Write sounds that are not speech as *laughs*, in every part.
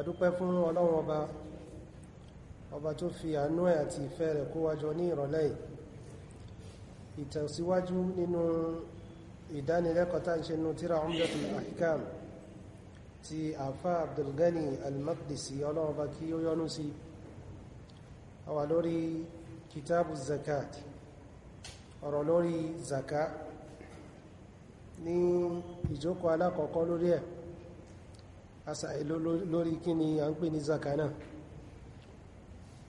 adúpẹ́ fún ọlọ́run ọba ọba tó fi àánú ẹ̀ àti ìfẹ́ rẹ̀ kó wájọ ní ìrọ̀lẹ́ yìí ìtẹ̀síwájú nínú ìdánilẹ́kọ̀ọ́ tá ń ṣe nínú tíra Umdatul Ahkam ti àfá Abdulgani al-Maqdisi ọlọ́run ọba kí ó yọ́nú sí a lórí kitabu zakat ọ̀rọ̀ lórí zaka ní ìjókòó alákọ̀ọ́kọ́ lórí ẹ̀ asa eh, lórí kí ni a ń pè ní zaka náà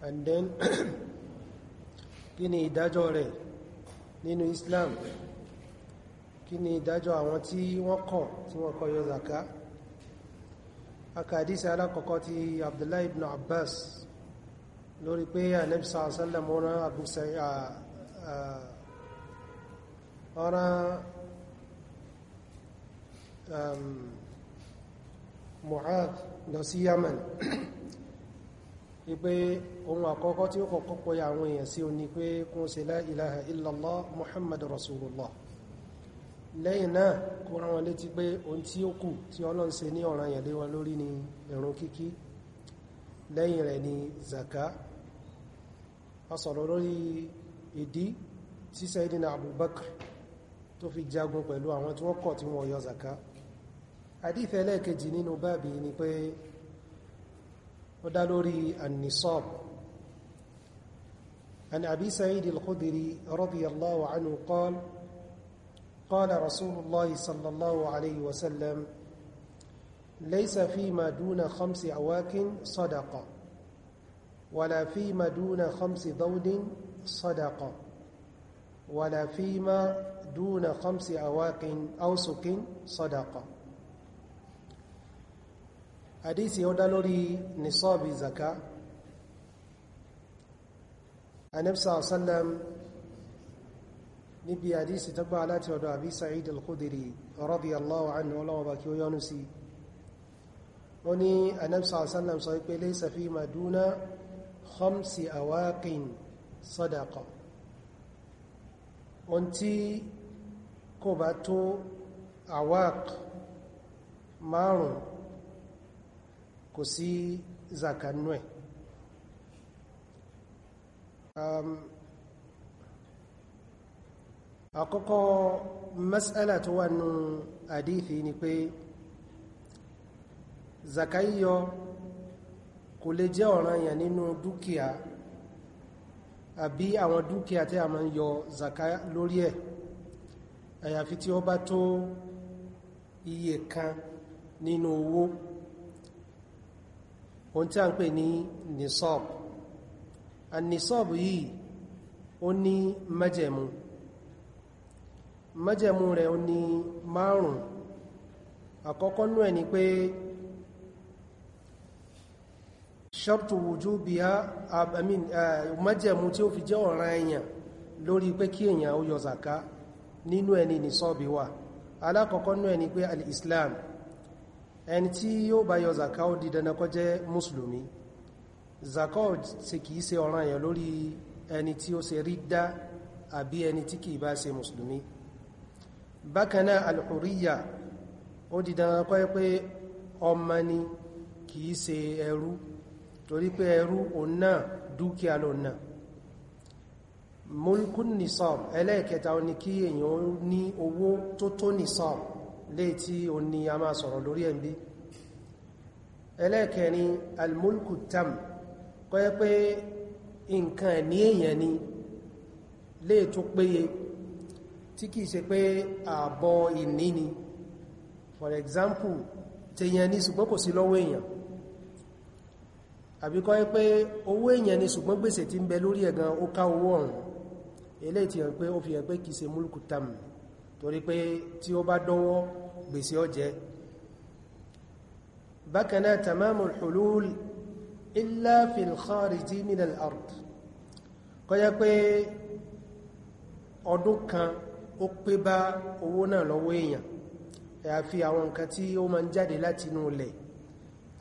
and then *clears throat* kí ni ìdájọ́ rẹ̀ nínú Islam kí ni ìdájọ́ àwọn tí wọ́n kọ̀ tí wọ́n kọ̀ yọ zaka akadisi alákọ̀ọ́kọ́ ti Abdullahi ibn Abbas lórí pé Ànábì sallam ọ̀rán Abu Sa'id ọ̀rán Mu'adh lọ sí Yaman wípé ohun àkọ́kọ́ tí ó kọ́kọ́ pọ̀yà àwọn èèyàn sí o ní pé kún ṣe la ilaha illallah Muhammad Rasulullah lẹ́yìn náà kó rán wọn létí pé ohun tí ó kù tí Ọlọ́run ṣe ní ọ̀ràn yẹ̀lé wọn lórí ni ẹ̀rùn kíkí lẹ́yìn rẹ̀ ni zaka a sọ̀rọ̀ lórí ìdí tí Sayyidina Abubakar tó fi jagun pẹ̀lú àwọn tí wọ́n kọ̀ tí wọ́n yọ zaka hadith ẹlẹ́ẹ̀kejì nínú báàbí ni pé ó dá lórí annisab عن أبي سعيد الخدري رضي الله عنه قال قال رسول الله صلى الله عليه وسلم ليس فيما دون خمس أواكن صدقة ولا فيما دون خمس ضود صدقة ولا فيما دون خمس أواكن أوسك صدقة hadithi ó dá lórí nisabi zaka anabisa sallam níbi hadithi tó gbà láti ọ̀dọ̀ àbí sa'id al-khudiri radiyallahu anhu ọlọ́wọ́ bá kí ó yọ́nú sí ó ní anabisa sallam sọ pé laysa fi maduna khamsi awaqin sadaqa ohun tí kò bá tó awaq márùn kò sí zakanú um, àkọ́kọ́ mas'ala tó wà nù àdífì ni pé zakayọ kò lè jẹ́ ọ̀ranyàn nínú dúkìá àbí àwọn dúkìá tí a máa ń yọ zaka lórí ẹ̀ àyàfi tí ó bá tó iye kan nínú owó no ohun tí a ń pè ní nisab an-nisab yìí ó ní májẹ̀mú májẹ̀mú rẹ̀ ó ní márùn àkọ́kọ́ nú ẹ̀ ni pé ṣọ́pù wujubiha májẹ̀mú tí ó fi jẹ́ ọ̀ràn èèyàn lórí pé kí èèyàn ó yọ zaka nínú ẹni nisab wà alákọ̀ọ́kọ́ nú ẹ̀ pé al ẹni tí yóò bá yọ zaka ó di dandan kó jẹ́ mùsùlùmí zaka ó ṣe kìí ṣe ọ̀ràn yẹn lórí ẹni tí ó ṣe ridda àbí ẹni tí kìí bá ṣe mùsùlùmí bákan náà alhuriya ó di dandan kó jẹ́ pé ọmọ ni kìí ṣe ẹrú torí pé ẹrú òun dúkìá lòun mulkun nisab ẹlẹ́ẹ̀kẹta ó ní kí èèyàn ní owó tó tó nisab léètí o ní a máa sọ̀rọ̀ lórí ẹ̀mbí ẹlẹ́ẹ̀kẹ́ni almulku tam kọ́ yẹ pé nǹkan ní èèyàn ni léètó péye tí kìí ṣe pé ààbọ̀ ìní ni for example tèèyàn ní ṣùgbọ́n kò sí lọ́wọ́ èèyàn àbí kọ́ yẹ pé owó èèyàn ni ṣùgbọ́n gbèsè tí ń bẹ lórí ẹ̀gan ó ká owó ọ̀run eléyìí ti hàn pé ó fi hàn pé kìí ṣe mulku tam ni torí pé tí ó bá dọ́wọ́ gbèsè ọjẹ́ bákanáà tamamul hulul illa fil khariji min al-ard kọjá pé ọdún kan ó pé bá owó náà lọ́wọ́ èèyàn àyàfi àwọn nǹkan tí ó ma ń jáde láti inú ilẹ̀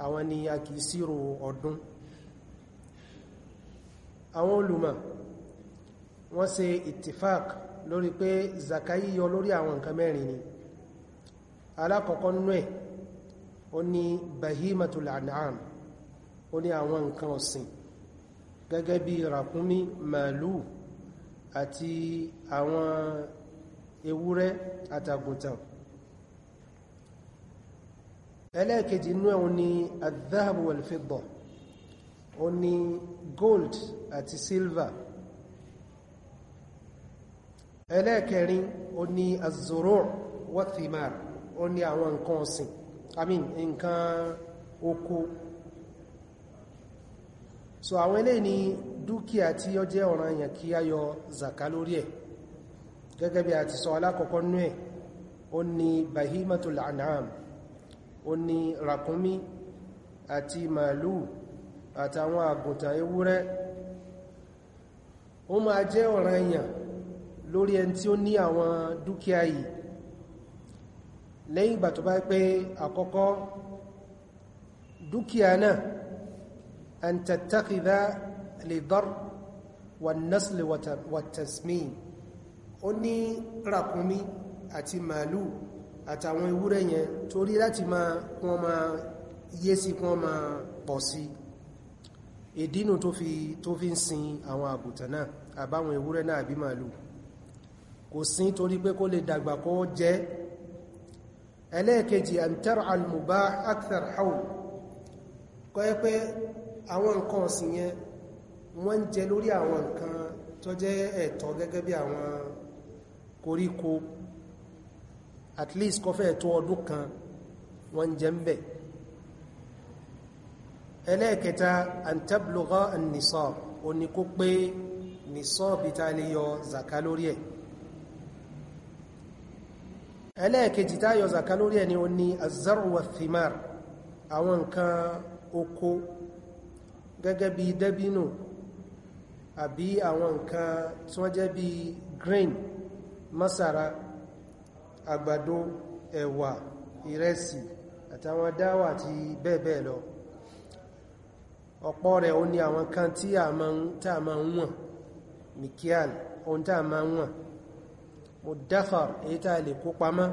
àwọn ni a kìí sírò ọdún àwọn olùmọ̀ wọ́n ṣe ittifaq lórí pé zakai yọ lórí àwọn nǹkan mẹ́rin ni alákọ̀ọ́kọ́ nú ẹ̀ ó ní bahimatul an'am ó ní àwọn nǹkan ọ̀sìn gẹ́gẹ́ bí ràkúnmí màálù àti àwọn ewúrẹ́ àtàgùntàn ẹlẹ́ẹ̀kejì inú ẹ̀hún ni adhahabu wal fidda ó ní gold àti silver ẹlẹ́ẹ̀kẹrin ó ní zuru ó ní àwọn nǹkan oko so àwọn eléyìí ni dúkìá tí ó jẹ́ ọ̀ranyàn kí a yọ zaka lórí ẹ̀ gẹ́gẹ́ bí a ti sọ alákọ̀ọ́kọ́ nú ẹ̀ ó ní bahimatul an'am ó ní maalu àti màálù àtàwọn àgùntàn ewúrẹ́ ó máa jẹ́ ọ̀ranyàn lórí ẹni tí ó ní àwọn dúkìá yìí lẹ́yìn ìgbà tó bá pé àkọ́kọ́ dúkìá náà an tattakida lidar wa nasli wa tasmin ó ní ràkúnmí àti màálù àtàwọn ewúrẹ́ yẹn torí láti máa kún ọmọ yé sí kún ọmọ pọ̀ sí ìdínú tó fi ń sin àwọn àgùntàn náà àbáwọn ewúrẹ́ náà àbí màálù kò sín torí pé kó lè dàgbà kó jẹ́ ẹlẹ́ẹ̀kejì àmìtẹ́rọ alìmùbá akthar haul kọ́ yẹ pé àwọn nǹkan ọ̀sìn yẹn wọ́n ń jẹ lórí àwọn nǹkan tó jẹ́ ẹ̀tọ́ gẹ́gẹ́ bí àwọn koríko at least kọfẹ́ ẹ̀tọ́ ọdún kan wọ́n ń jẹ ń ẹlẹ́ẹ̀kẹta àntẹ́blọ́gọ́ nisab o pé nisab lè yọ zaka lórí ẹ̀ ẹlẹ́ẹ̀kejì tá yọ zaka lórí ẹni o ní azarwa thimar àwọn nǹkan oko gẹ́gẹ́ bí dẹ́bínù àbí àwọn nǹkan tí wọ́n jẹ́ bí grain masara àgbàdo ẹ̀wà ìrẹsì àtàwọn dáwà àti bẹ́ẹ̀bẹ́ẹ̀ lọ ọ̀pọ̀ rẹ̀ o ní àwọn kan tí a máa ń wọ̀n mikial ohun tí a máa ń wọ̀n mudakhar èyí tá a lè kó pamọ́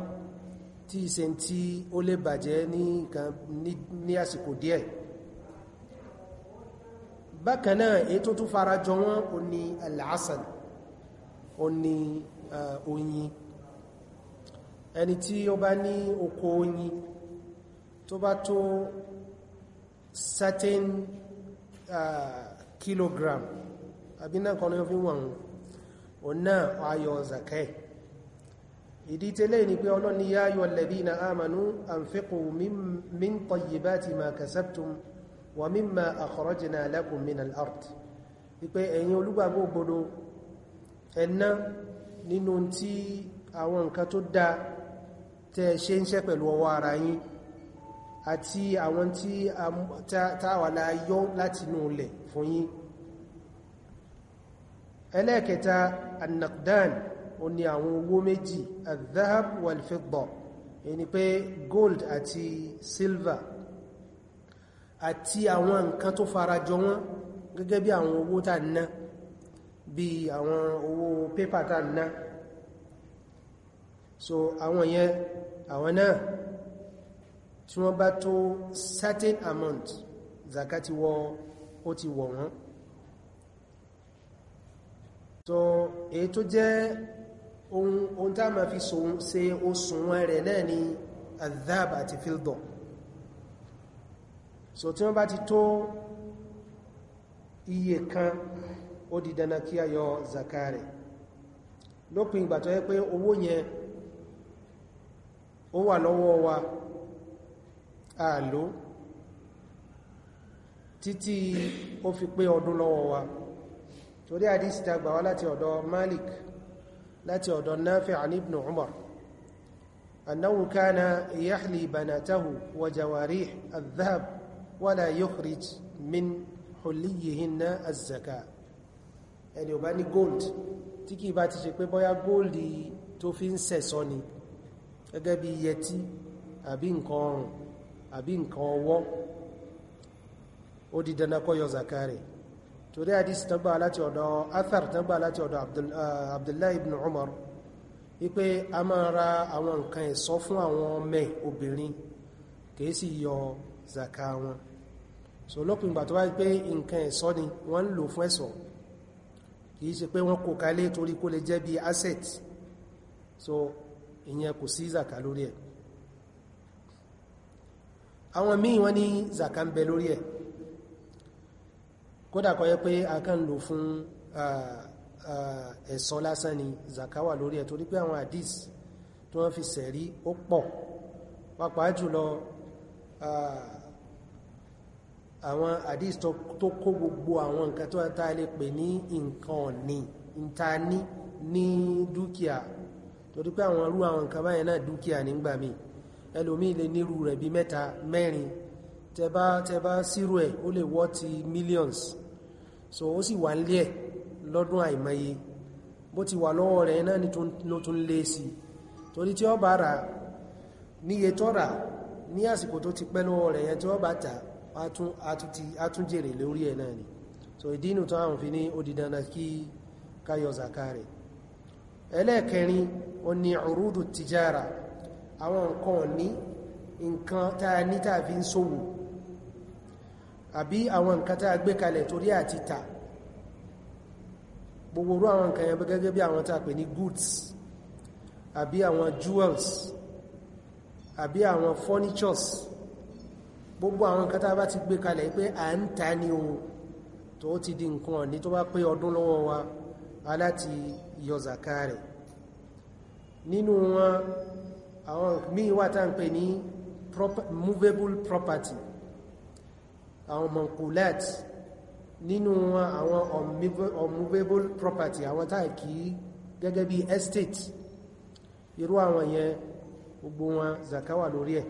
tí ìṣe tí ó lè bàjẹ́ ní nǹkan ní àsìkò díẹ̀ bákan náà èyí tó tún fara jọ wọ́n o ní al-asal o ní oyin ẹni tí ó bá oko oyin tó bá tó certain uh, kilogram àbí náà kan ní fi wọ̀n o náà zakai ìdí tẹ́lẹ̀ ni pé ọlọ́ni yá yọ lẹ̀bí na ámànú àǹfẹ́kù min tọ̀yìbá ti ma kẹsẹ́ptum wà mímà àkọ̀rọ̀jìnà lẹ́kùn min al'art wípé ẹ̀yin olúgbàgbọ́ ògbòdó ẹ̀nà nínú tí àwọn nǹkan tó dá tẹ́ ṣe ń ṣe pẹ̀lú ọwọ́ ara yín àti àwọn tí ó ní àwọn owó méjì al-dhahab ẹni pé gold àti silver àti àwọn nǹkan tó farajọ wọn gẹ́gẹ́ bí àwọn owó tà ná bí àwọn owó pépà tà ná so àwọn yẹn àwọn náà tí wọ́n bá tó certain amount zakati wọ ó ti wọ̀ wọ́n so èyí tó jẹ́ ohun tá ma fi ṣe òṣùwọ̀n rẹ̀ náà ni azab àti fildor so tí wọ́n bá ti tó iye kan ó di dandan kí a yọ zaka rẹ̀ lópin ìgbà tó yẹ pé owó yẹn ó wà lọ́wọ́ wa àlò títí ó fi pé ọdún lọ́wọ́ wa torí àdísítà gbà wá láti ọ̀dọ̀ Malik láti ọ̀dọ̀ Nafi' an ibn Umar annahu kana yahli banatahu wa jawarih adh-dhahab wala yukhrij min hulliyihinna az-zaka ẹni ò bá ní gold tí kìí bá ti ṣe pé bóyá gold tó fi ń sẹ̀sọ́ ni gẹ́gẹ́ bí yẹtí àbí nǹkan ọrùn àbí nǹkan ọwọ́ ó di dandan kó yọ zakari torí àdís tàgbà láti ọ̀dọ̀ athar tàgbà láti ọ̀dọ̀ eh, abdullahi ibn umar wípé a máa ra àwọn nǹkan ẹ̀ṣọ́ fún àwọn ọmọ obìnrin kìí sì yọ zaka wọn so lópin ìgbà tó wáyé pé nǹkan ẹ̀ṣọ́ ni wọ́n ń lò fún ẹ̀ṣọ́ kìí ṣe pé wọ́n kò kalé torí kó lè jẹ́ bí asset so ìyẹn kò sí zaka lórí ẹ̀ àwọn míì wọ́n ní zaka ń bẹ lórí ẹ̀ kódà kọ́ yẹ pé a kàn lò fún ẹ̀sọ́ lásán ni zakawa lórí ẹ̀ torí pé àwọn hadis tí wọ́n fi sẹ̀rí ó pọ̀ pàápàá jùlọ àwọn hadis tó kó gbogbo àwọn nǹkan tó ta lè pè ní nǹkan ọ̀nì níta ní ní dúkìá torí pé àwọn irú àwọn nǹkan báyẹn náà dúkìá nígbà míì ẹlòmíì lè nírú rẹ̀ bí mẹ́ta mẹ́rin tẹ́bá tẹ́bá sírò ẹ̀ ó lè wọ́ ti millions so ó sì wà ń lé ẹ̀ lọ́dún àìmọye bó ti wà lọ́wọ́ rẹ̀ náà ni ló tún lé sí torí tí ó bá rà níye tó rà ní àsìkò tó ti pẹ́ lọ́wọ́ rẹ̀ yẹn tí ó bá tà á tún jèrè lórí ẹ̀ náà ni so ìdínú tó àwọn fi ní ó di dandan kí káyọ zaka rẹ̀ ẹlẹ́ẹ̀kẹrin ó ní urudu tijara àwọn nǹkan ní nǹkan tá a ní tá ń ṣòwò àbí àwọn nǹkan tá a gbé kalẹ̀ torí àti tà gbogbo orú àwọn nǹkan yẹn gẹ́gẹ́ bí àwọn tá a pè ní goods àbí àwọn jewels àbí àwọn furnitures gbogbo àwọn nǹkan tá a bá ti gbé kalẹ̀ pé à ń ta ni o tó ti di nǹkan ọ̀ní tó bá pé ọdún lọ́wọ́ wa aláti yọ zaka rẹ̀ nínú wọn àwọn míì wà tá ń pè ní movable property àwọn mankulat nínú àwọn unmovable property àwọn táì kí gẹ́gẹ́ bí estate irú àwọn yẹn gbogbo wọn zakawa lórí ẹ̀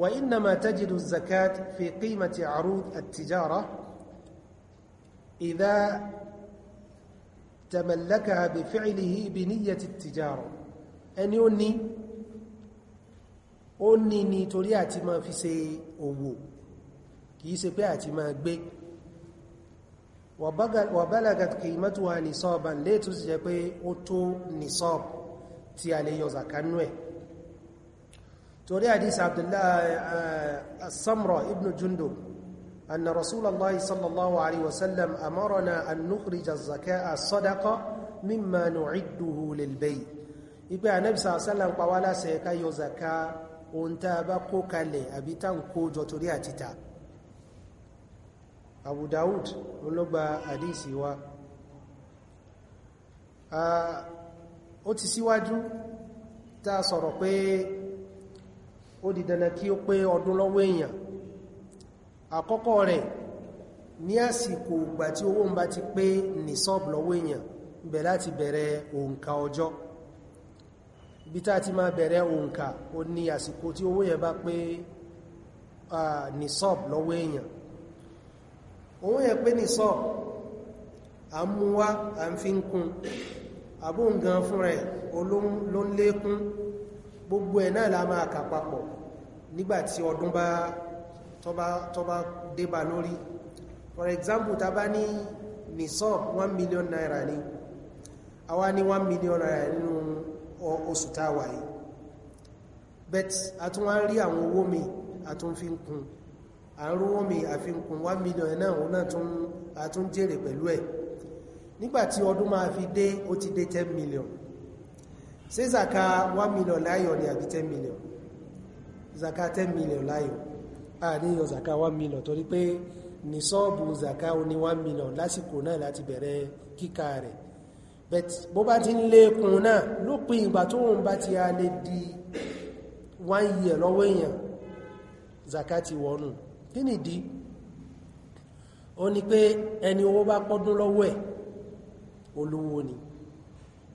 wa innama tajidu zakat fi qimati arud at-tijara idha تملكها بفعله بنية التجارة ẹni ó ní ó ní nítorí àti máa fi ṣe òwò kìí ṣe pé àti máa gbé wa balagat qimatuha nisaban léètù sì jẹ́ pé ó tó nisab tí a lè yọ zakanú ẹ̀ torí hadith abdullahi as-samra ibn jundub أن رسول الله صلى الله عليه وسلم أمرنا أن نخرج الزكاة الصدقة مما نعده للبيت إبا النبي صلى الله عليه وسلم قوالا سيكا يزكاة وانتا بقوكا لي أبيتا كوجو ترياتتا Abu Dawud ológba àdíìsì wa ó ti síwájú tá a sọ̀rọ̀ pé ó di dandan kí ó pé ọdún lọ́wọ́ èèyàn àkọ́kọ́ rẹ̀ ní àsìkò ìgbà tí owó ń bá ti pé nìsọ́ọ̀bù lọ́wọ́ èèyàn bẹ̀ láti bẹ̀rẹ̀ òǹkà ọjọ́ bí tá ti máa bẹ̀rẹ̀ òǹkà ó ní àsìkò tí owó yẹn bá pé nìsọ́ọ̀bù lọ́wọ́ èèyàn òun yẹ pé ní sọ àmúwá à ń fi ń kún àbóǹgan fún rẹ̀ ló ń lékún gbogbo ẹ̀ náà la máa kà papọ̀ nígbàtí ọdún bá tó débà lórí for example ta bá ní ní sọ 1 million naira ni àwa ní 1 million naira nínú oṣù táwà yìí bet a tún wá rí àwọn owó mi a kún àrúwọ́ mi àfikún 1 million náà òun náà tún àtún jèrè pẹ̀lú ẹ̀ nígbàtí ọdún máa fi dé ó ti dé 10 million ṣé zaka 1 million láyọ̀ ni àbí 10 million zaka 10 million láyọ̀ a ní yọ zaka 1 million torí pé ní sọ́ọ̀bù zaka ó ní 1 million lásìkò náà láti bẹ̀rẹ̀ kíkà rẹ̀ but bó bá ti ń lékun náà lópin ìgbà tó ń bá ti a lè di one year lọ́wọ́ èèyàn zaka ti wọnù kí nìdí ó ní pé ẹni owó bá pọ́dún lọ́wọ́ ẹ̀ olówó ni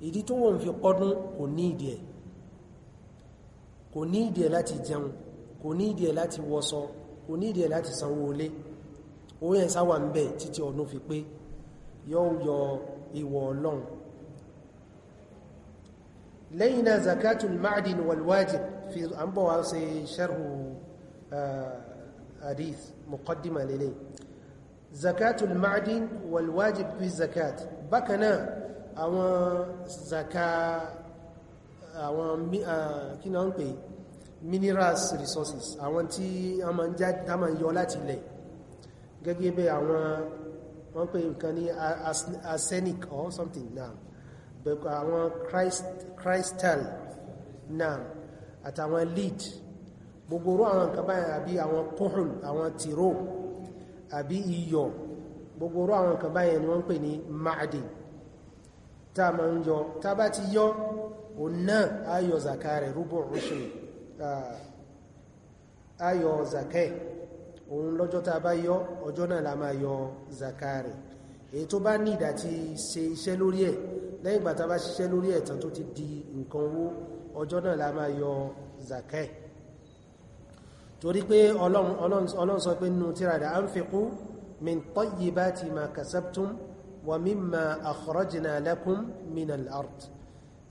ìdí tó wọ́n fi pọ́dún kò ní ìdí ẹ̀ kò ní ìdí ẹ̀ láti jẹun kò ní ìdí ẹ̀ láti wọṣọ kò ní ìdí ẹ̀ láti sanwó olé owó yẹn sáwà ń bẹ títí ọdún fi pé yóò yọ ìwọ̀ ọlọ́run lẹ́yìn náà zakatul ma'adin walwajib fi àmbọ̀ ṣe sharhu uh, hadith muqaddima lele zakatul ma'din wal wajib fi zakat bákan náà àwọn zaka àwọn kí náà ń minerals resources àwọn tí a máa ń já tá máa ń yọ láti ilẹ̀ gẹ́gẹ́ bẹ́ àwọn wọ́n pè nǹkan ní arsenic or something náà àwọn crystal náà àtàwọn lead gbogbo orú àwọn nǹkan báyìí àbí àwọn kóhùn àwọn tìró àbí iyọ̀ gbogbo àwọn nǹkan báyìí ni wọ́n ń pè ní máàdì tá a máa ń yọ tá a bá ti yọ òun náà ayọ̀ zaka rẹ̀ rúbọ̀ oṣù ayọ̀ zaka òun lọ́jọ́ tá a bá yọ ọjọ́ náà la máa yọ zaka rẹ̀ èyí tó bá ní ìdá ti iṣẹ́ lórí ẹ̀ lẹ́yìn ìgbà tá bá ṣiṣẹ́ lórí ẹ̀ tán tó ti di nǹkan owó ọjọ́ náà la máa yọ zaka rẹ̀ torí pé ọlọ́run sọ pé nínú tíra rẹ̀ anfiqu min tayyibati ma kasabtum wa mimma akhrajna lakum min al-ard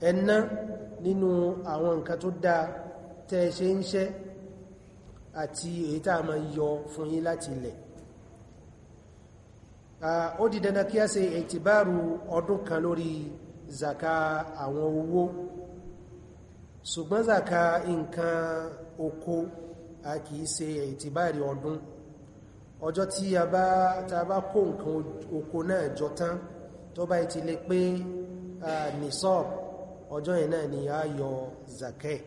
ẹ̀nà nínú àwọn nǹkan tó dáa tẹ́ ṣe ń ṣẹ́ àti èyí tá a máa yọ fún yín láti ilẹ̀ ó di dandan kí a ṣe ìtìbáàrù ọdún kan lórí zaka àwọn owó ṣùgbọ́n zaka nǹkan oko a kìí ṣe ìtìbáàrí ọdún ọjọ́ tí a bá ta bá kó nǹkan oko náà jọ tán tó bá ti lè pé nisab ọjọ́ yẹn náà ni a yọ zakẹ́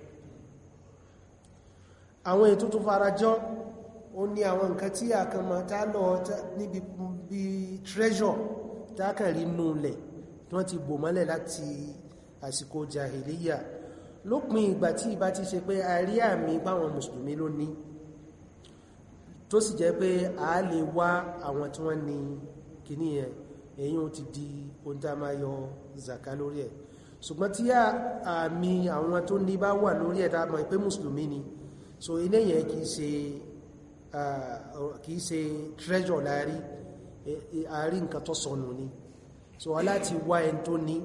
àwọn ètò tó farajọ́ ó ní àwọn nǹkan tí a kan máa tá lọ níbi bí treasure tákàrí nù lẹ̀ tí wọ́n ti bò mọ́lẹ̀ láti àsìkò jahiliya lópin ìgbà tí ìbá ti ṣe pé a rí àmì báwọn mùsùlùmí ló ní tó sì jẹ́ pé a lè wá àwọn tí wọ́n ní kìíní yẹn èyí ó ti di ohun zaka lórí ẹ̀ ṣùgbọ́n tí àmì àwọn tó ní bá wà lórí ẹ̀ tá pé mùsùlùmí ni so ilé yẹn kìí ṣe kìí ṣe treasure láàrí e, e, nǹkan tó sọnù ni so aláti wá ẹni tó ní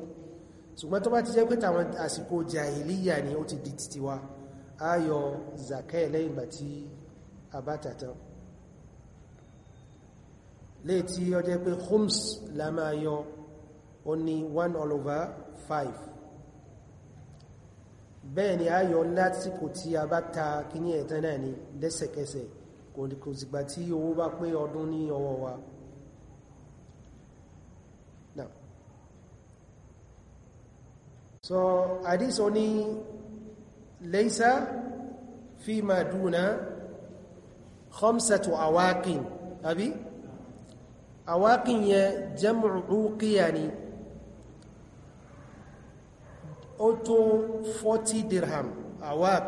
ṣùgbọ́n tó bá ti jẹ́ pé tàwọn àsìkò jahiliya ni ó ti di títí wa ayọ̀ zakẹ́ lẹ́yìn ìgbà tí a lè tí ó jẹ́ pé khums la máa yọ ó ní 1 all over 5 bẹ́ẹ̀ ni ayọ̀ lásìkò tí a bá ta kíní ẹ̀tán náà ni lẹ́sẹ̀kẹsẹ̀ kò sì gbà tí owó bá pé ọdún ní ọwọ́ wa. so hadith oni laysa ma duna khamsatu awaqin abi awaqin ya jam'u uqiyani oto 40 dirham awaq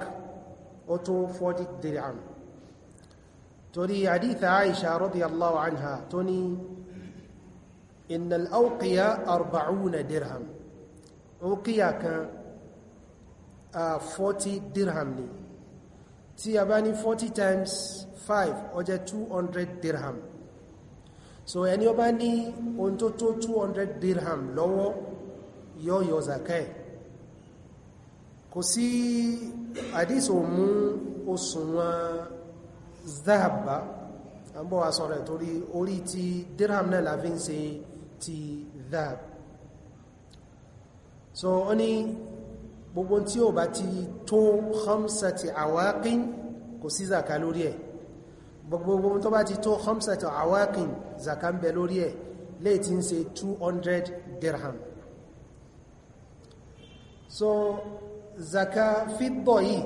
oto 40 dirham tori hadith aisha radiyallahu anha عنها تني إن الأوقية أربعون درهم rúkíyà kan a 40 dirham ni tí a bá ní 40 times 5 ó jẹ́ 200 dirham so ẹni ó bá ní ohun tó tó 200 dirham lọ́wọ́ yóò yọ zakai kò sí àdísò mú òṣùnwọ̀n zahaba àbọ̀ torí orí ti dirham náà la fi ń ṣe ti zahaba so ó ní gbogbo tí ó bá ti tó khamsati awaqin kò sí zaka lórí ẹ̀ gbogbo tó bá ti tó khamsati awaqin zaka ń bẹ lórí ẹ̀ léè ń ṣe 200 dirham so zaka fídọ̀ yìí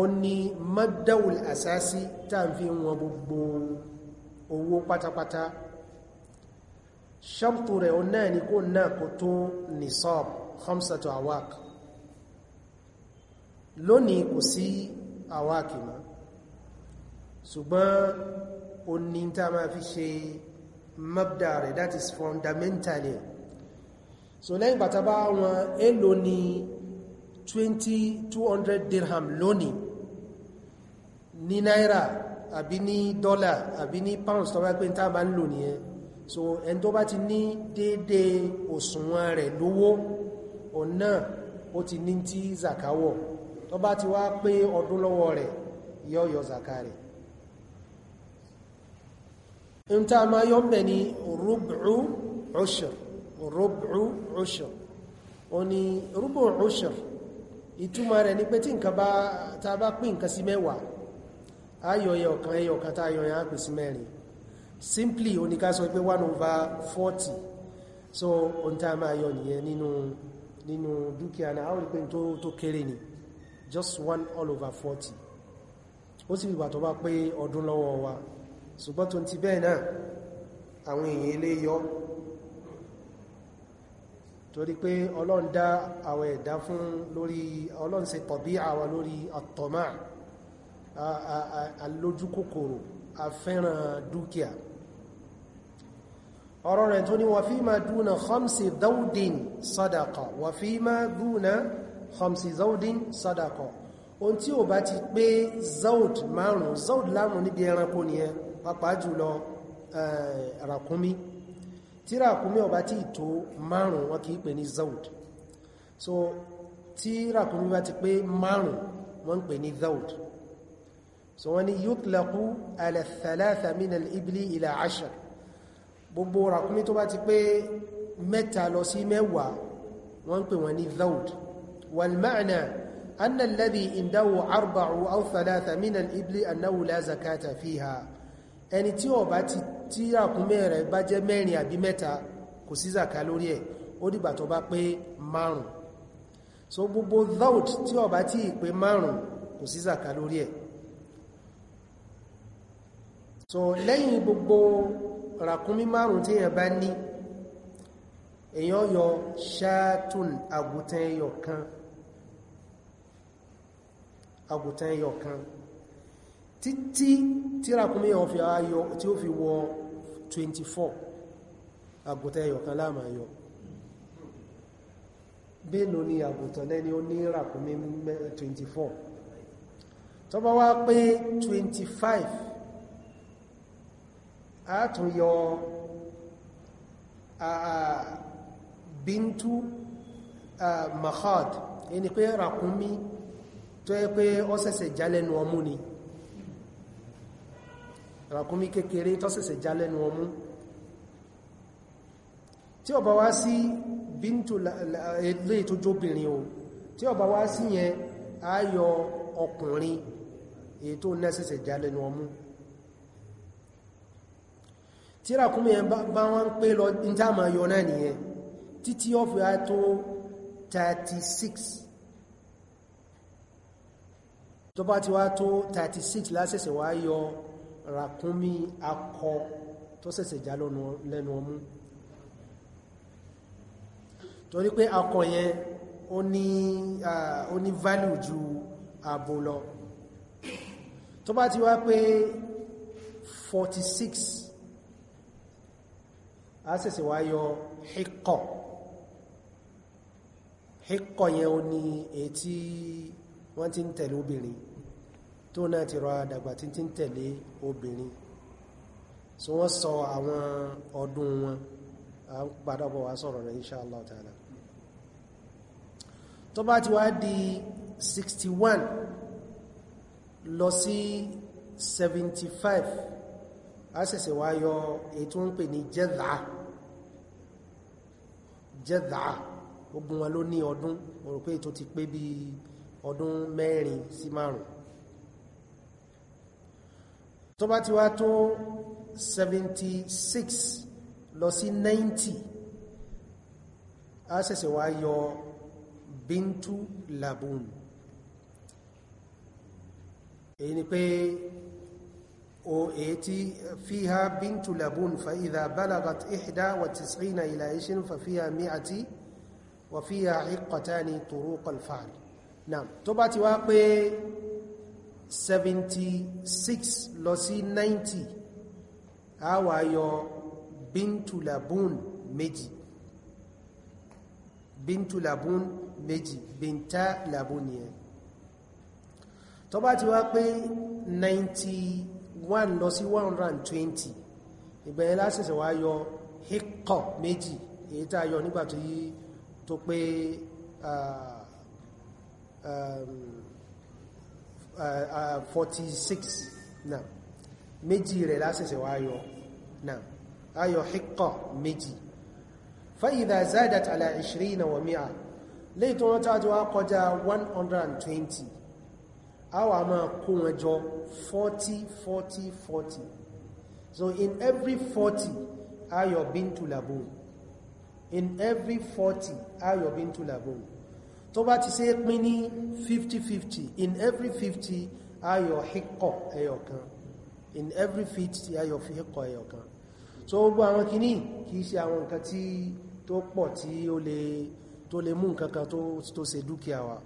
ó ní mọ́dáwùl àsásí tàbí wọn gbogbo owó pátápátá ṣọ́pù rẹ̀ o náà ni kó náà kó tó nisab khamsatu awak lónìí kò sí awak mọ́ ṣùgbọ́n o ní tá máa fi ṣe mabda rẹ̀ that is fundamentally so lẹ́yìn bàtà bá wọn èlò ni 20 200 dirham lónìí ní náírà àbí ní dọ́là àbí ní pounds tó bá pé tá bá ń lò nìyẹn so ẹni tó bá ti ní dédé òṣùwọ̀n rẹ̀ lówó ọ̀nà ó ti ní tí zakawọ̀ tó bá ti wá pé ọdún lọ́wọ́ rẹ̀ yọ́ zaka rẹ̀ in ta ma yọ́ mẹ́ ni rúbù ushur rúbù ushur o ni rúbù ushur ìtumọ̀ rẹ̀ ni pé tí nǹkan bá ta bá pín nǹkan sí mẹ́wàá ayọ̀yẹ̀ ọ̀kan ẹyọ̀kan tá ayọ̀yẹ̀ á pèsè mẹ́rin simply ó ní ká sọ pé 1 over 40 so on time máa ni nìyẹn nínú nínú dúkìá náà àwọn ìpín to to kéré ni just 1 all over 40 ó sì wà tó bá pé ọdún lọ́wọ́ wa ṣùgbọ́n tó ti bẹ́ẹ̀ náà àwọn èèyàn ilé yọ torí pé ọlọ́run dá àwọn ẹ̀dá fún lórí ọlọ́run ṣe tọ̀bí àwa lórí àtọ̀má alójúkòkòrò afẹ́ràn dúkìá ọ̀rọ̀ rẹ̀ tó ní wà fí ma dúnà khamsi zaudin sadaqa wà fí ma dúnà khamsi zaudin sadaqa ohun tí ò bá ti pé zaud márùn zaud lárùn níbi ẹranko nìyẹn pàápàá jùlọ ràkúnmí tí ràkúnmí ò ti tó márùn wọn kìí pè ní zaud so tí ràkúnmí bá ti pé márùn wọ́n pè ní zaud so wọ́n ni yuklaku ala thalatha min al-ibli ila ashar gbogbo ràkúnmí tó bá ti pé mẹ́ta lọ sí mẹ́wàá wọ́n ń pè wọ́n ní zaud walma'na anna alladhi indahu arba'u aw thalatha min al-ibli annahu la zakata fiha ẹni tí ó bá ti tí ràkúnmí rẹ̀ bá jẹ́ mẹ́rin àbí mẹ́ta kò sí zaka lórí ẹ̀ ó dìgbà tó bá pé márùn so gbogbo zaud tí ó bá ti pé márùn kò sí zaka lórí ẹ̀ so lẹ́yìn gbogbo Rakumi márùn tí èyàn bá ní èyàn yọ ṣáàtùn àgùntàn ẹyọ kan àgùntàn ẹyọ kan títí tí rakumi yàn fi ayọ tí ó fi wọ 24 àgùntàn ẹyọ kan láàmà yọ bẹ́ẹ̀lò ni àgùntàn lẹ́ni ó ní ràkúnmí 24 tó bá wá pé 25 àtúnyọ bíntú mahad ẹni pé ràkúnmí tó yẹ pé ó ṣẹ̀ṣẹ̀ jálẹ́nu ọmú ni ràkúnmí kékeré tó ṣẹ̀ṣẹ̀ jálẹ́nu ọmú tí ó bá wá sí bíntú ilé ìtójóbìnrin o tí ó bá wá sí yẹn ayọ ọkùnrin èyí tó nẹ́sẹ̀sẹ̀ jálẹ́nu ọmú tí ràkúnmí yẹn bá wọ́n ń pé lọ ìtàmà yọ náà nìyẹn títí ó fi á tó 36 tó bá ti wá tó 36 lásẹ̀sẹ̀ wá yọ ràkúnmí akọ tó ṣẹ̀ṣẹ̀ já lẹ́nu ọmú torí pé akọ yẹn ó ní value ju àbò lọ tó bá ti wá pé 46 a ṣẹ̀ṣẹ̀ wá yọ híkọ̀ híkọ̀ yẹn o ní ètí wọ́n ti ń tẹ̀lé obìnrin tó náà ti rọ àdàgbà tí ti ń tẹ̀lé obìnrin so wọ́n sọ àwọn ọdún wọn a ń padà bọ̀ wá sọ̀rọ̀ rẹ̀ ta'ala tó bá ti wá di 61 lọ sí 75 a ṣẹ̀ṣẹ̀ wá yọ ètò ń jẹ́dàá gbogbo wọn ló ní ọdún mo rò pé tó ti pé bí ọdún mẹ́rin sí márùn tó bá ti wá tó 76 lọ sí 90 a ṣẹ̀ṣẹ̀ wá yọ bíntú labun èyí ni pé وإيتي فيها بنت لبون فإذا بلغت إحدى وتسعين إلى عشر ففيها مئة وفيها عقتان طروق الفعل نعم تباتي واقي 76 lọ sí 90 a wà بنت لبون مجي بنت لبون مجي méjì bíntà labun yẹn tó 90 1 lọ sí 120 ìgbà yẹn lásìsẹ̀ wá yọ hikọ̀ méjì èyí tá yọ nígbà tó yí tó pé uh, um, uh, uh, 46 náà méjì rẹ̀ lásìsẹ̀ wá yọ náà ayọ̀ hikọ̀ méjì فإذا زادت على 20 و100 ليتون تاتوا قجا 120 a wà máa kó wọn jọ 40 40 40 so in every 40 ayọ̀ bíntu labun in every 40 ayọ̀ bíntu labun tó bá ti ṣe pín ní 50 50 in every 50 ayọ̀ hikọ̀ ẹyọ̀ kan in every 50 ayọ̀ hikọ̀ ẹyọ̀ kan so gbogbo àwọn kìíní kìí ṣe àwọn nǹkan tí tó pọ̀ tí ó lè tó lè mú nǹkan kan tó ṣe dúkìá wa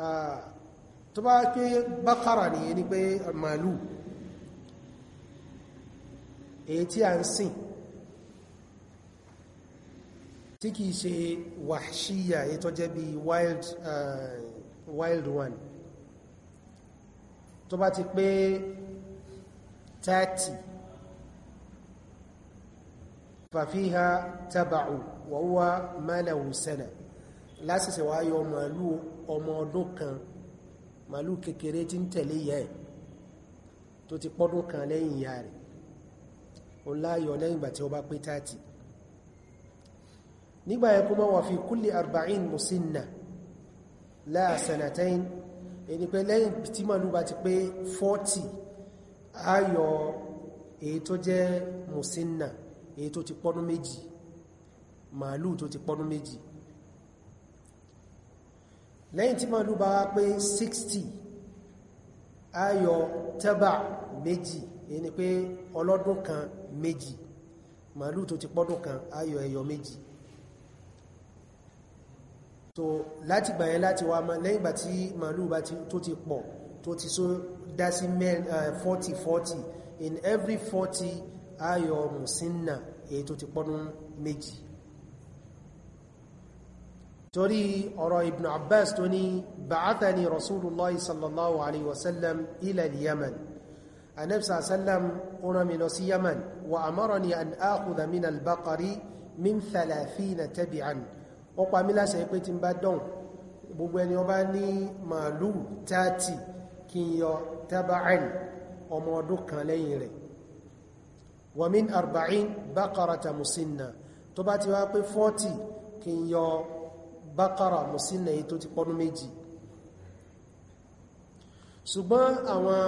Ah, tó bá pé bákàrà ní ẹni pé màálù èyí tí a ń sìn tí kìí ṣe wàṣíyà èyí tó jẹ́ bí wild uh, wild one tó bá ti pé 30 fàfíhà tàbàù wọ́wọ́ mẹ́lẹ̀wù sẹ́nà lásìsẹ̀ wá yọ màálù ọmọ ọdún kan màálù kékeré tí ń tẹ̀lé yẹ tó ti pọ́dún kan lẹ́yìn ìyá rẹ̀ o láyọ lẹ́yìn ìgbà tí ó bá pé 30 nígbà yẹ kuma wà fi kulli arba'in musinna láà sanatain pé lẹ́yìn tí màálù bá ti pé 40 ayọ èyí tó jẹ́ musinna èyí tó ti pọ́dún méjì màálù tó ti pọ́dún méjì lẹ́yìn tí màálù bá wá pé 60 ayọ tẹ́bà méjì èyí ni pé ọlọ́dún kan méjì màálù tó ti pọ́dún kan ayọ ẹyọ méjì so láti gbà láti wá lẹ́yìn gbà tí màálù bá tó ti pọ̀ tó ti so dá sí 40 40 in every 40 ayọ musinna èyí tó ti pọ́dún méjì torí ọ̀rọ̀ ibn abbas tó ní ba'athani rasulullah sallallahu alaihi wasallam ila yaman anab sallam ọ̀nà mi lọ sí yaman wa amarani an akhudha min al-baqari min 30 tabi'an ó pa mí láṣẹ pé tí n bá dán gbogbo ẹni ó bá ní màálù 30 kí n yọ tabi'an ọmọ ọdún kan lẹ́yìn rẹ̀ wa min 40 baqarata musinna tó bá ti wá pé 40 kí n yọ bákàrà mùsílẹ̀ èyí tó ti pọ́nú méjì ṣùgbọ́n àwọn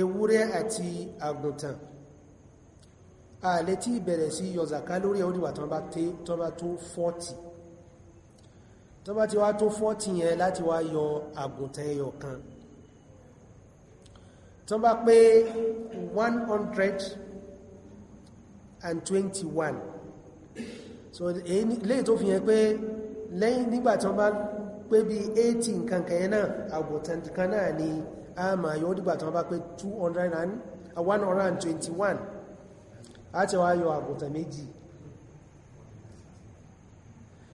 ewúrẹ́ àti àgùntàn ààlé tí ìbẹ̀rẹ̀ sí yọ zàká lórí ẹ̀ oníwà tán bá tó 40 tán bá ti wá tó 40 yẹn láti wá yọ àgùntàn ẹyọ kan tán bá pé 121 so èyí lè tó fi yẹn pé lẹ́yìn nígbà tí wọ́n bá pé bí 80 nǹkan kẹ̀yẹn náà àgùntàn kan náà ni a ma yọ nígbà tí wọ́n bá pé 121 a ti wá yọ àgùntàn méjì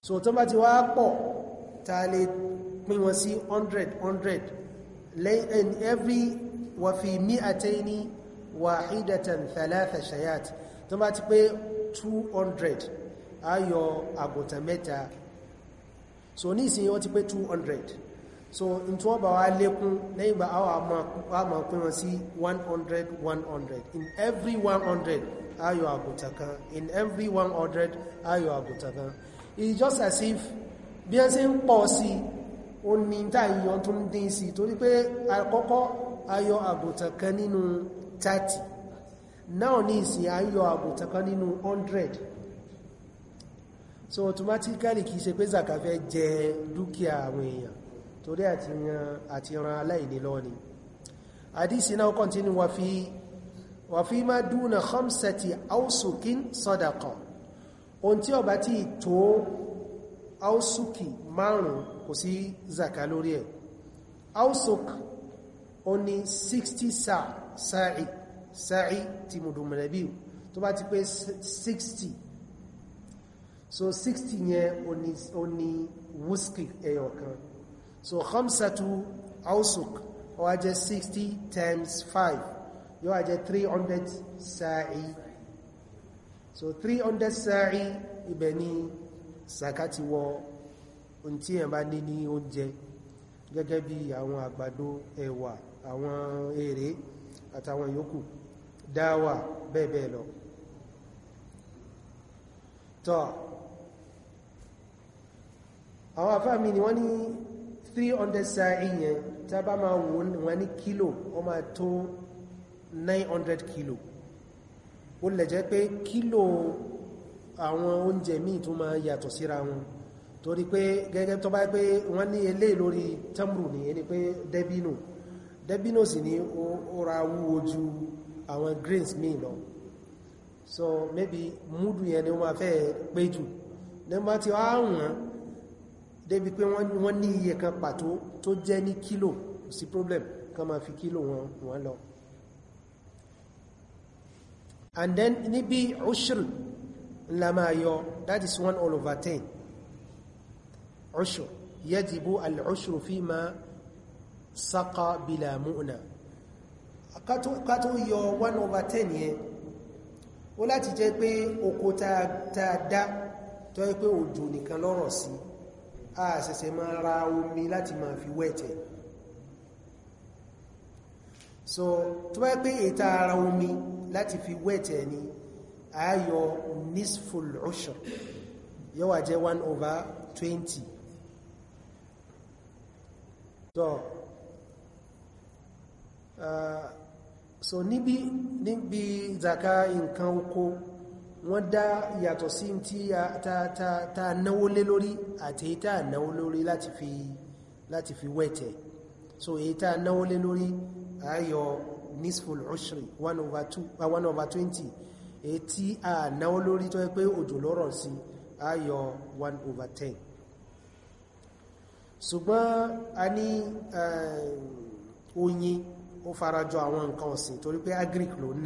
so tó bá ti wá pọ̀ ta lè pín wọn sí 100 100 lẹ́yìn eh, every wà fi mí àtẹ́ni wàhídàtàn thalatha shayat tó bá ti pé 200 a yọ àgùntàn mẹ́ta so ní ìsìn wọ́n ti pé 200 so in tí wọ́n bá wá lékún lẹ́yìn bá àwọn àmà pín wọn sí 100 100 in every 100 ayọ̀ àgùntàkan in every 100 ayọ̀ àgùntàkan it's just as if bí ẹ́ sí ń pọ̀ sí ó ní táyíyàn tó ń dín sí torí pé àkọ́kọ́ ayọ̀ àgùntàkan nínú 30 now ní ìsìn ayọ̀ àgùntàkan nínú 100 so automatically kìí ṣe pé zaka fẹ́ jẹ dúkìá àwọn èèyàn torí àti ran aláìní lọ ni àdísì náà continue wà fi wà fi má dúnà khamsati ausukin sadaqa ohun tí ọba tí tó ausuki márùn kò sí zaka lórí ẹ̀ ausuk ó ní 60 sa sa'i sa'i ti mùdùmùlẹ̀bí tó bá ti pé 60 so 60 yẹn ó ní wúskì ẹyọ kan so khamsatu ausuk ó wá jẹ́ 60 times 5 yóò wá jẹ́ 300 sa'i so 300 sa'i ibẹ̀ ni sakati wọ ohun tí ẹ̀ bá ní ní oúnjẹ gẹ́gẹ́ bí àwọn àgbàdo ẹ̀wà àwọn èrè àtàwọn yòókù dáwà bẹ́ẹ̀ bẹ́ẹ̀ lọ tọ́ àwọn afáàmì ni wọ́n ní 300 sa'i yẹn tí a bá máa wọ́n ní kílò wọ́n máa tó 900 kílò ó lè jẹ́ pé kílò àwọn oúnjẹ míì tó máa yàtọ̀ síra wọn torí pé gẹ́gẹ́ tó bá pé wọ́n ní elé lórí tamru ní ẹni pé debino debino sì ní ó ra wúwo ju àwọn grains míì lọ so maybe múdù yẹn ni wọ́n máa fẹ́ pé jù nígbà tí wọ́n á wọ́n débi pé wọ́n ní iye kan pàtó tó jẹ́ ní kílò sí problem kan ma fi kílò wọn wọn lọ and then níbi ushur la máa yọ that is one all over ten ushur yajibu al-ushur fi ma saqa bila mu'na ká tó yọ one over ten yẹn ó láti jẹ́ pé oko ta dá tó yẹ pé òjò nìkan lọ́rọ̀ sí i a ṣẹ̀ṣẹ̀ máa ra omi láti máa fi wẹ́tẹ̀ so tó bá pé ètà ara omi láti fi wẹ́tẹ̀ ni a yọ nisful ushr yóò wà jẹ́ 1 over 20 so uh, so níbi níbi zaka nǹkan oko wọ́n dá yàtọ̀ sí tí ta náwó lé lórí àti èyí tá náwó lórí láti fi láti fi wẹ́tẹ̀ so èyí tá náwó lé lórí ayọ̀ nisful ushri 1 over 20 uh, èyí tí a náwó lórí tó pé òjò lọ́rọ̀ sí ayọ̀ 1 over 10 ṣùgbọ́n a ní eh, oyin ó farajọ àwọn nǹkan ọ̀sìn torí pé agric lòun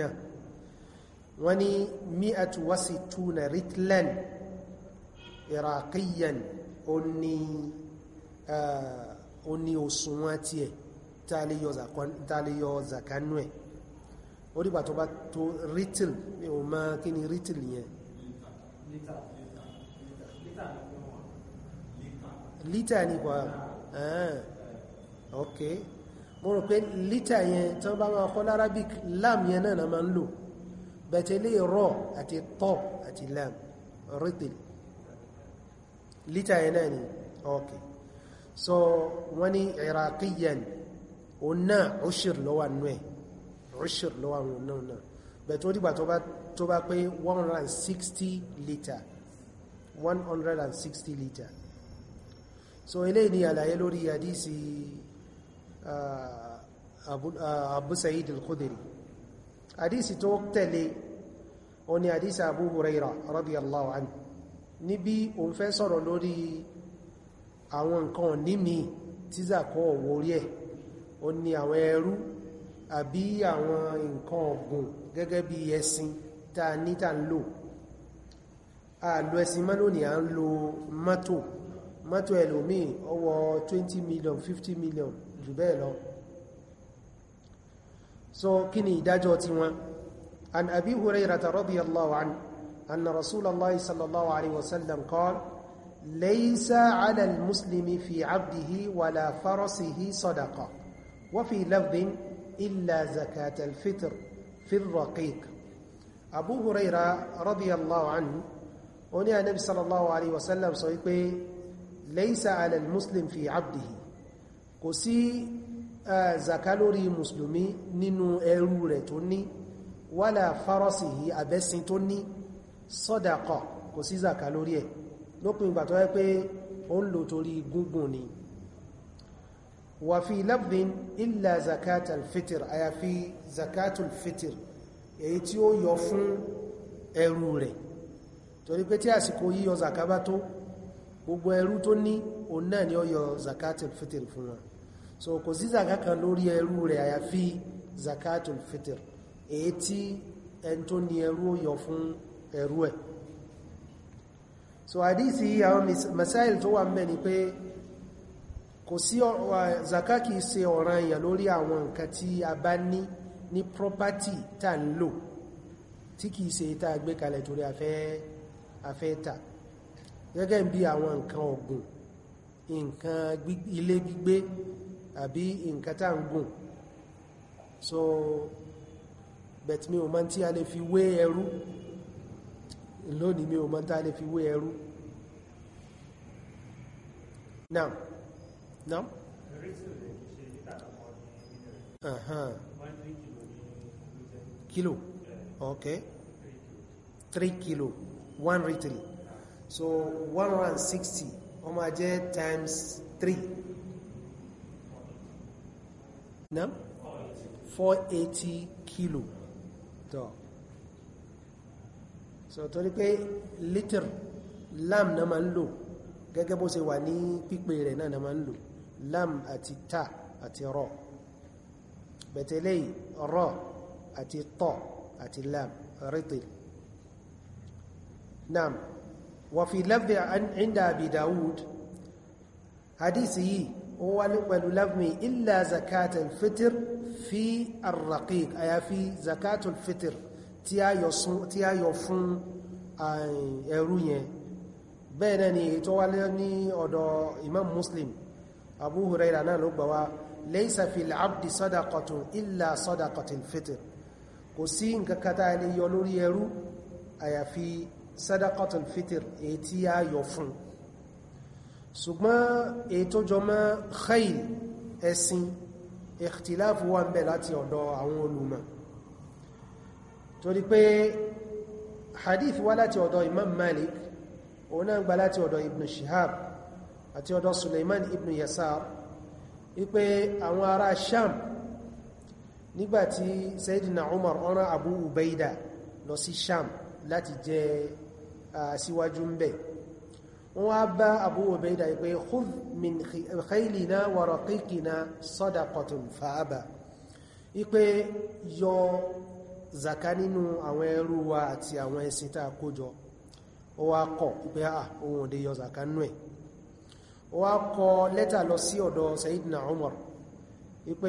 wọ́n ní mi'atu wasituna ritlan iraqiyan ó ní eh, òṣùwọ̀n tiẹ̀ tàlíyọ zakanú ẹ̀ ó dìgbà tó bá tó ritl ní o máa kí ni ritl yẹn lítà ní kò ààrùn ok mo rò pé lítà yẹn tán bá máa kọ́ lárábík lam yẹn náà máa ń lò bẹ̀tẹ̀lẹ̀ rọ àti tọ́ àti lam rítìl lítà ẹ̀ ni ọkẹ̀ so wọ́n ni iraqiyan o náà ushir lọ́wà nú ẹ̀ ushir lọ́wà nú náà bẹ̀tẹ̀ ó dìgbà tó bá pé 160 lítà 160 lítà so eléyìí ni àlàyé lórí hadisi ah, ah, Abu Sa'id al-Khudri àdísì tó tẹ̀lé o ni àdísì Abu Huraira radiyallahu anhu níbi òun fẹ́ sọ̀rọ̀ lórí àwọn nǹkan ními tí zakọ́ ọ̀wọ́ orí ẹ̀ o ni àwọn ẹrú àbí àwọn nǹkan ọ̀gùn gẹ́gẹ́ bí ẹṣin tá a ní tá ń lò àlò ẹṣin mọ́ lónìí à ń lo mọ́tò mọ́tò ẹlòmíì ọwọ́ 20 million 50 million jù bẹ́ẹ̀ so kí ni ìdájọ́ ti wọn an abi hurairata radiyallahu an anna rasulallahi sallallahu alaihi wasallam qala ليس على المسلم في عبده ولا فرسه صدقة وفي لفظ إلا زكاة الفطر في الرقيق أبو هريرة رضي الله عنه أني النبي صلى الله عليه وسلم صحيح ليس على المسلم في عبده كسي zaka lórí mùsùlùmí nínú ẹrú rẹ̀ tó ní wàlá fárọ́sì yìí àbẹ́sìn tó ní sọ́dàkọ̀ kò sí zaka lórí ẹ̀ lópin ìgbà tó yẹ pé ó ń lò torí gúngùn ni wà fi lafdhin illa zakat alfitir àyàfi zakat alfitir èyí tí ó yọ fún ẹrú rẹ̀ torí pé tí àsìkò yíyọ zaka gbogbo ẹrú tó ní òun náà ni ó yọ zakat alfitir fún wọn so kò sí zaka kan lórí ẹrú rẹ̀ àyàfi zakatul fitr èyí tí ẹn tó ní ẹrú yọ fún ẹrú ẹ̀ so àdísí àwọn masáìl tó wà mẹ́ ni pé kò sí zaka kìí ṣe ọ̀ràn èèyàn lórí àwọn nǹkan tí a bá ní ní property tà ń lò tí kìí ṣe tá gbé kalẹ̀ torí afẹ́ afẹ́ tà gẹ́gẹ́ bí àwọn nǹkan ọ̀gùn nǹkan ilé gbígbé àbí nǹkan tá ń gùn so bet mi o ma tí a lè fi wé ẹrú lónìí mi o ma tá a lè fi wé ẹrú now now aha kilo okay 3 kilo 1 retail so 160 ó máa jẹ́ times 3 na 480 kilo to so torí pé lítìr lam na ma ń lò gẹ́gẹ́ bó ṣe wà ní pípé rẹ̀ náà na ma ń lò lam àti ta àti rọ bẹ̀tẹ̀lẹ̀ rọ àti tọ àti lam rítìr naam wà fi lafdhi 'inda abi Dawud hadisi yìí ó wálé pẹ̀lú láfmi illa zakatul fitr fi arraqiq àyàfi zakatul fitr tí a yọ fún ẹrú yẹn bẹ́ẹ̀ náà ni ètò wálé ní ọ̀dọ̀ imam muslim abu huraira náà ló gbàwá laysa fil abdi sadaqatun illa sadaqatul fitr kò sí nǹkan kata ẹni yọ lórí ẹrú àyàfi sadaqatul fitr èyí tí a yọ ṣùgbọ́n ètò jọmọ́ khayl ẹ̀sìn ìkhtiláfù wà ń bẹ láti ọ̀dọ̀ àwọn olùmọ̀ torí pé hadith wá láti ọ̀dọ̀ imam malik òun náà gba láti ọ̀dọ̀ ibn shihab àti ọ̀dọ̀ suleiman ibn yasar wípé àwọn ará sham nígbàtí sayidina umar ọ̀nà abu ubaida lọ sí sham láti jẹ síwájú ń bẹ̀ẹ́ wọ́n á bá Abu Ubayda pé khudh min khaylina wa raqiqina sadaqatun fa'aba ipe yọ zaka nínú àwọn ẹrú wa àti àwọn ẹṣin tá kójọ ó wá kọ̀ pé à ohun òde yọ zaka nú ẹ̀ ó wá kọ lẹ́tà lọ sí ọ̀dọ̀ Sayyidina Umar ipe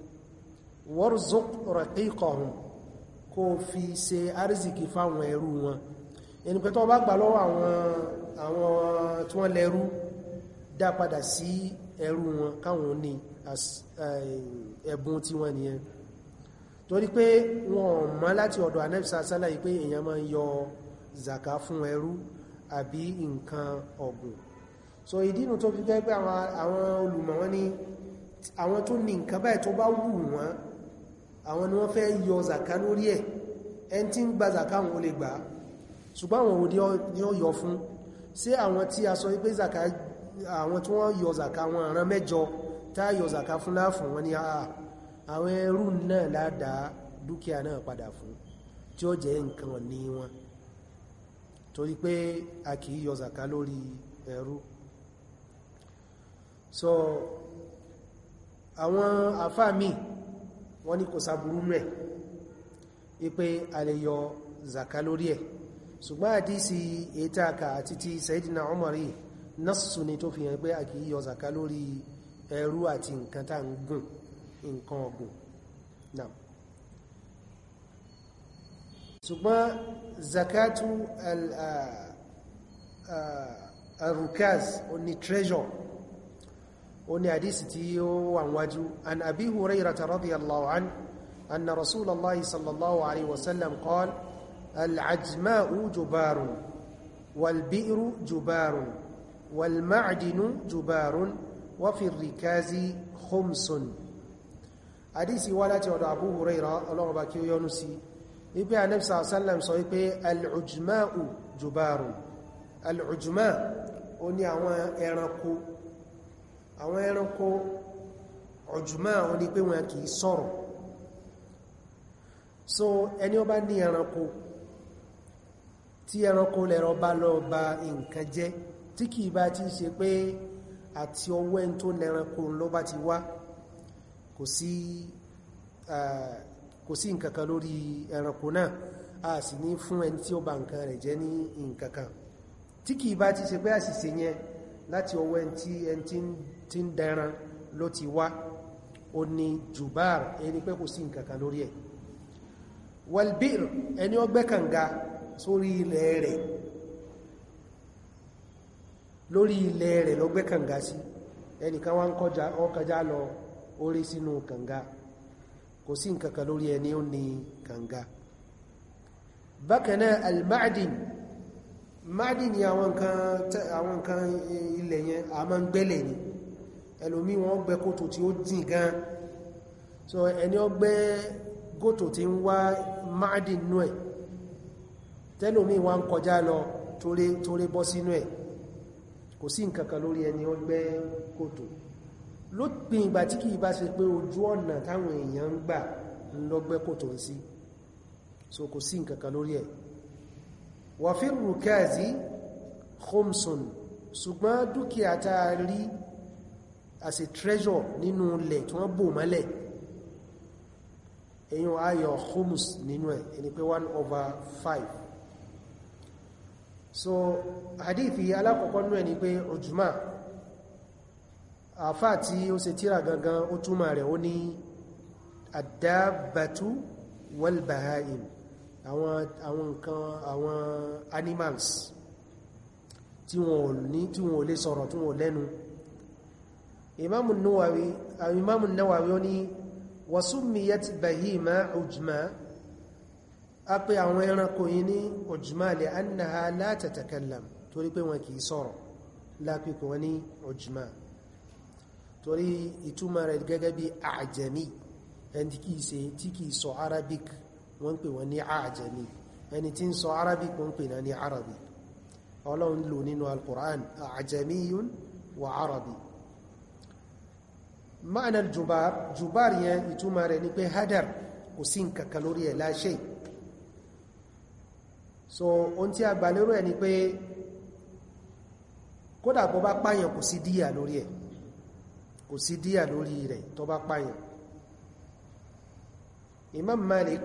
warzuq raqiqahum kó fi ṣe arziki fáwọn ẹrú wọn ẹni pé tó bá gbà lọ́wọ́ àwọn àwọn tí wọ́n lẹ́rú dá padà sí ẹrú wọn káwọn ní eh, ẹ̀bùn tí wọ́n nìyẹn torí pé wọn mọ̀ láti ọ̀dọ̀ anẹ́bìsà sálàyé pé èèyàn máa ń yọ zaka fún ẹrú àbí nǹkan ọ̀gbìn so ìdínú tó fi jẹ́ pé àwọn olùmọ̀ wọn ní àwọn tó ní nǹkan báyìí tó bá wù wọ́n àwọn ni wọ́n fẹ́ yọ zàká lórí ẹ̀ ẹn tí ń gba zàká wọn lè gbà ṣùgbọ́n àwọn òde ni ó yọ fún sí àwọn tí a sọ wípé zàká àwọn tí wọ́n yọ zàká wọn àrán mẹ́jọ tá yọ zàká fún láàfún wọn ni àà àwọn ẹrú náà ládàá dúkìá náà padà fún tí ó jẹ́ nǹkan ní wọn torí pé a kìí yọ zàká lórí ẹrú so àwọn àfáà míì wọ́n ní kò sáburú mẹ́ ipé alẹ́yọ zaka lórí ẹ̀ ṣùgbọ́n àdísí ètàkà àti ti Sayyidina Umar násùsù ni tó fi hàn pé a kìí yọ zaka ẹrú àti nǹkan tá ń gùn nǹkan ọ̀gùn náà ṣùgbọ́n zakatu al-rukaz ó treasure oni hadisi tí ó wà wájú an abi hurairata radiyallahu an anna rasulallahi sallallahu alaihi wasallam qal al'ajma'u jubarun wal bi'ru jubarun wal ma'dinu jubarun wa fi rikazi khumsun hadisi wá láti ọ̀dọ̀ abu huraira Ọlọ́run bá kí ó yọ́nú sí ibi anabi sallam sọ wípé al'ujma'u jubarun al'ujma oni àwọn ẹranko àwọn ẹranko ọ̀jùmọ́ àwọn ni pé wọn kìí sọ̀rọ̀ so ẹni ó bá ní ẹranko tí ẹranko lẹ́rọ bá lọ ba nǹkan jẹ́ tí kìí bá ti ṣe pé àti ọwọ́ ẹni tó lẹ́ranko ló bá ti wá kò sí nǹkankan lórí ẹranko náà a sì ní fún ẹni tí ó ba nǹkan rẹ̀ jẹ́ ní nǹkankan tí kìí bá ti ṣe pé àṣìṣe yẹn láti ọwọ́ ẹni tí ń tí ń dẹran ló ti wá ó ní jùbáàr ẹni pé kò sí nǹkankan lórí ẹ̀ walbir ẹni ó gbẹ́ kànga sórí ilẹ̀ rẹ̀ lórí ilẹ̀ rẹ̀ ló gbẹ́ kànga sí ẹnìkan wá ń kọjá ọkọjá lọ orí sínú kànga kò sí nǹkankan lórí ẹni ó ní kànga bákanáà almadin madin ni àwọn nǹkan ilẹ̀ yẹn a máa ń gbẹ́lẹ̀ ni ẹlòmí wọ́n gbẹ́ kòtò tí ó dìn gan so ẹni ó gbẹ́ kòtò tí ń wá máàdì nú ẹ̀ tẹ́lòmí wá ń kọjá lọ torí bọ́ sínú ẹ̀ kò sí nǹkankan lórí ẹni ó gbẹ́ kòtò ló pin ìgbà tí kìí bá ṣe pé ojú ọ̀nà táwọn èèyàn ń gbà ń lọ ń sí so kò sí nǹkankan lórí ẹ̀ wà fi rùkẹ́ẹ̀zí khomson ṣùgbọ́n dúkìá tá rí as a treasure nínú ilẹ̀ tí wọ́n bò mọ́lẹ̀ èyàn ayọ̀ humus nínú ẹ̀ ẹni pé 1 over 5 so hadithi alákọ̀ọ́kọ́ nínú ẹni pé ojúmá àfá tí ó ṣe tíra gangan ó túmọ̀ rẹ̀ ó ní àdábàtú walbahaim àwọn nǹkan àwọn animals tí wọn ò lè sọ̀rọ̀ tí wọn ò lẹ́nu imamu nawawi uh, imamu nawawi ó ní wasumiyat bahima ujma a pe àwọn ẹranko yìí ní ujma li annaha la tatakallam torí pé wọn kìí sọ̀rọ̀ lápipọ̀ wọn ní ujma torí ìtumọ̀ rẹ̀ gẹ́gẹ́ bí àjẹmí ẹni kìí ṣe tí kìí sọ arabic wọ́n pè wọ́n ní àjẹmí ẹni tí ń sọ arabic wọ́n pè náà ní arabi ọlọ́run lò nínú alkùrán àjẹmíyún wa arabi ma'ana al-jubar jubar yẹn ìtumọ̀ rẹ̀ ni pé hadar kò sí nǹkan kan so ohun tí a gbà lérò ẹ̀ ni pé kódà bó bá pààyàn kò sí díyà lórí ẹ̀ kò sí díyà lórí rẹ̀ tó bá pààyàn Imam Malik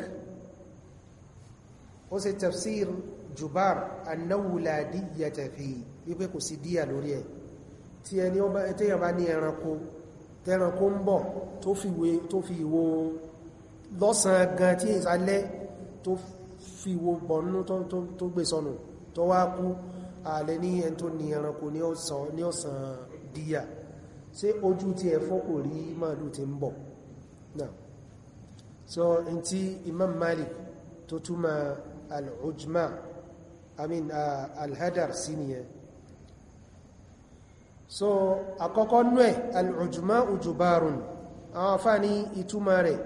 ó ṣe tafsir jubar annahu la diyyata fi wípé kò sí díyà lórí ẹ̀ tí ẹni ó bá ní ẹranko tẹ́ranko ń bọ̀ tó fi wo lọ́sàn gan tí ìsálẹ́ tó fi wo bọ̀nú tó gbé sọnù tó wá kú ààlẹ́ ní ẹn tó ní ẹranko ní ọ̀sán díyà ṣé ojú tí ẹ̀fọ́ kò rí màálù tí ń bọ̀ náà so in ti Imam Malik tó túmọ̀ al-ujma I mean uh, al-hadar sí nìyẹn so àkọ́kọ́ nú ẹ̀ al'ujuma ujubarun àwọn afá ní ìtumà rẹ̀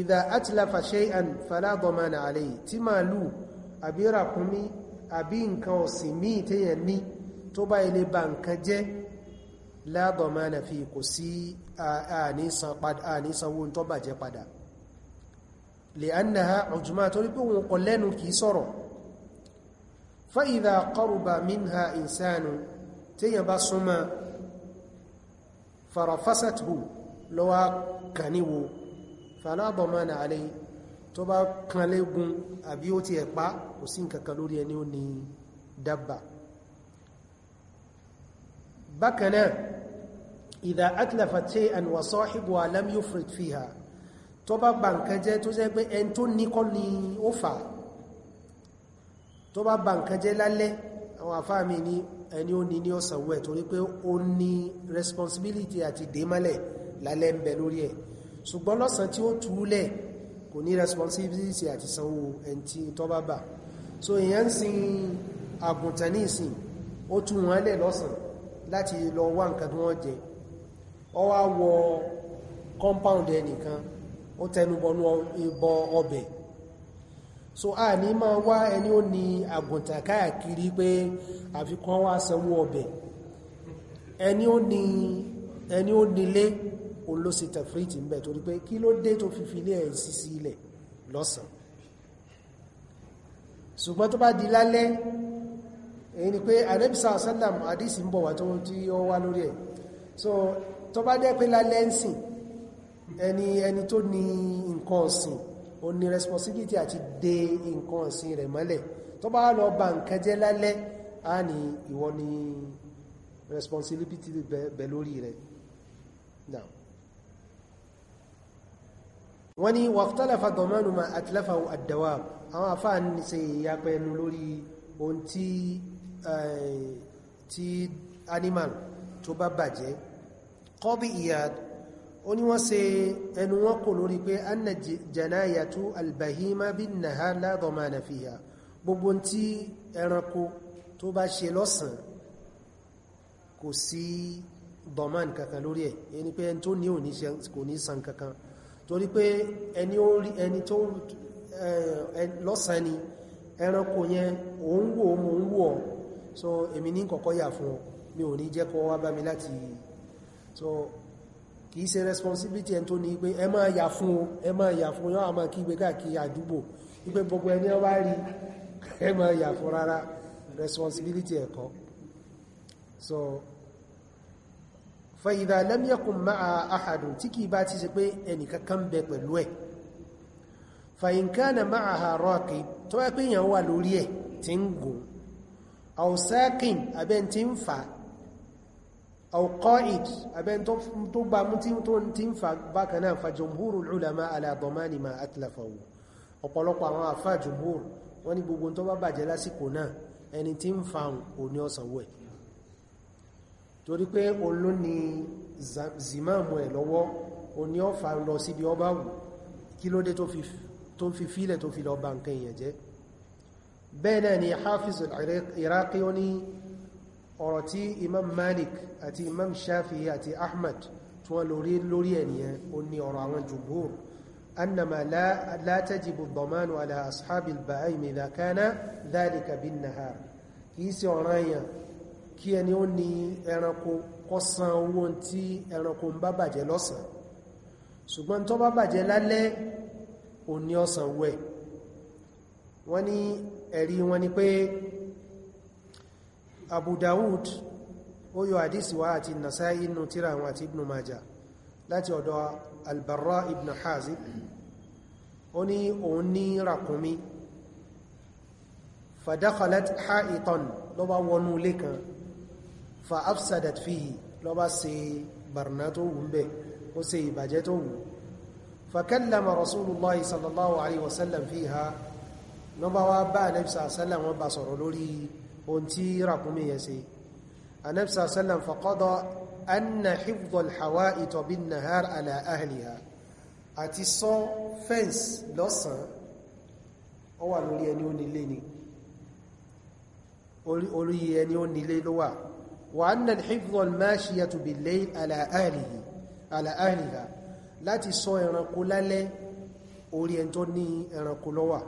ìdá atlafa shay'an fala dhamana alayhi tí màálù àbí ràkúnmí àbí nǹkan ọ̀sìn míì tẹ́yẹ̀ ní tó bá ilé ba nǹkan jẹ́ la dhamana fi kò sí àníṣanwó tó bàjẹ́ padà lè annaha ujuma torí pé wọn kọ lẹ́nu kìí sọ̀rọ̀ fa idha qaruba minha insanu téèyàn bá súnmọ́ farafasathu lọ́wọ́ kàníwò falábọ̀mọ́nà alẹ́ tó bá kanlẹ́gun àbí ó ti ẹ̀pá kò sí nǹkankan lórí ẹni ó ní dábà bákanáà idha atlafat shay'an wa sahibuha lam yufrit fiha tó bá bà tó jẹ́ pé ẹni tó níkọ́ ni ó fà tó bá bà lálẹ́ àwọn àfáàmì ni ẹni ó ní ní ọ̀sánwó ẹ̀ torí pé ó ní responsibility àti dèmálẹ̀ lálẹ́ ń bẹ lórí ẹ̀ ṣùgbọ́n lọ́sàn tí ó túúlẹ̀ kò ní responsibility àti sanwó ẹni tí tọ́ bá bà so èyàn ń sin àgùntàn ní ìsìn ó tú wọn lẹ̀ lọ́sàn láti lọ wá nǹkan tí wọ́n jẹ ọ wá wọ compound ẹnìkan ó tẹnubọnú ìbọ ọbẹ̀ so a ní máa wá ẹni ó ní àgùntàn káàkiri pé àfi kan wá sanwó ọbẹ̀ ẹni ó ní ẹni ó nílé olóṣè tẹ̀fríìtì ń bẹ̀ torí pé kí ló dé tó fi fi ilé ẹ̀ sí sí ilẹ̀ lọ́sàn ṣùgbọ́n tó bá di lálẹ́ èyí ni pé anẹ́bìsà sálàm àdísì ń bọ̀ wà tí ó wá lórí ẹ̀ so tó bá dẹ́ pé lálẹ́ ń sìn ẹni ẹni tó ní nǹkan ọ̀sìn ó ní responsibility àti de nǹkan ọ̀sìn rẹ̀ mọ́lẹ̀ tó bá lọ ba nǹkan jẹ́ lálẹ́ a ní ìwọ ni responsibility bẹ lórí rẹ̀ now wọ́n ni wàktálàfà dọ̀mánu ma àtìláfà àdàwà àwọn àfáà ní ṣe ìyapẹ ẹnu lórí ohun tí eh, tí animal tó bá bàjẹ́ kọ́bí ìyàd ó ní wọ́n ṣe ẹnu wọn kò lórí pé anna janayatu albahima bin nahar la dọ̀mánà fiha gbogbo tí ẹranko tó bá ṣe lọ́sàn kò sí dọ̀mán kankan lórí ẹ̀ ẹni pé ẹni tó ní ò ní ṣe kò ní san kankan torí pé ẹni ó tó lọ́sàn ni ẹranko yẹn òun wò mò ń wò ọ́ so èmi ní kọ̀kọ́ yà fún ọ mi ò ní jẹ́ wá bá mi láti so kìí ṣe responsibility ẹni tó ní pé ẹ máa yà fún o ẹ máa yà fún yọ́ àmà kígbe káàkiri àdúgbò wípé gbogbo ẹni ọ bá rí ẹ máa yà fún rárá responsibility ẹ̀kọ́ so fa idha lam yakun ma'a ahadun tí kìí bá ti ṣe pé ẹnìkan kan bẹ pẹ̀lú ẹ̀ fa in kana ma'aha raqib tó wá pé èèyàn wà lórí ẹ̀ tí ń gùn aw saqin abẹ́ tí ń fà aw qa'id abẹ́ tó gbà mú tí ń fà bákan náà fa jumhurul ulama ala damani ọ̀pọ̀lọpọ̀ àwọn àfà jumhur wọ́n ní gbogbo tó bá bàjẹ́ lásìkò náà ẹni tí ń fa òní ọ̀sánwó ẹ̀ torí pé olú ni zimamu ẹ̀ lọ́wọ́ òní ọ̀fà lọ síbi ọba wù kí ló dé tó fi fílẹ̀ tó fi lọ ba nǹkan èèyàn jẹ́ bẹ́ẹ̀ náà ni hafiz al-iraqi ó ní ọ̀rọ̀ tí imam malik àti imam shafi àti ahmad tí wọ́n lórí ẹ̀nìyàn ó ní ọ̀rọ̀ àwọn jùgbòrò أنما لا, لا تجب الضمان على أصحاب البهائم إذا كان ذلك بالنهار كيسي أرانيا kí ẹni ó ní ẹranko kó san owó tí ẹranko ń bá bàjẹ́ lọ́sàn ṣùgbọ́n tó bá bàjẹ́ lálẹ́ ò ní ọ̀sán wẹ̀ wọ́n ní ẹ̀rí wọn ni pé Abu Dawud ó yọ àdísíwá àti Nasa'i inú tíra àwọn àti Ibn Majah láti ọ̀dọ̀ albara ibn hazib ó ní òun ní ràkúnmí fadakhalat ha'itan ló bá wọnú ilé kan fa afsadat fihi ló bá ṣe barna tó wù bẹ́ ó ṣe ìbàjẹ́ tó wù fakallama rasulullah sallallahu alaihi wasallam fiha ló bá wá bá anẹ́bisa sallam wọn bá sọ̀rọ̀ lórí ohun tí ràkúnmí yẹn ṣe anẹ́bisa sallam faqada أن hifdhal الحوائط bin على أهلها، ahliha àti sọ fẹ́ǹs lọ́sàn ó wà lórí ẹni ó nílé ni orí ẹni ó nílé ló wà wa anna hifdhal mashiyatu bil layl ala ahlihi ala ahliha láti sọ ẹranko lálẹ́ orí ẹni tó ní ẹranko ló wà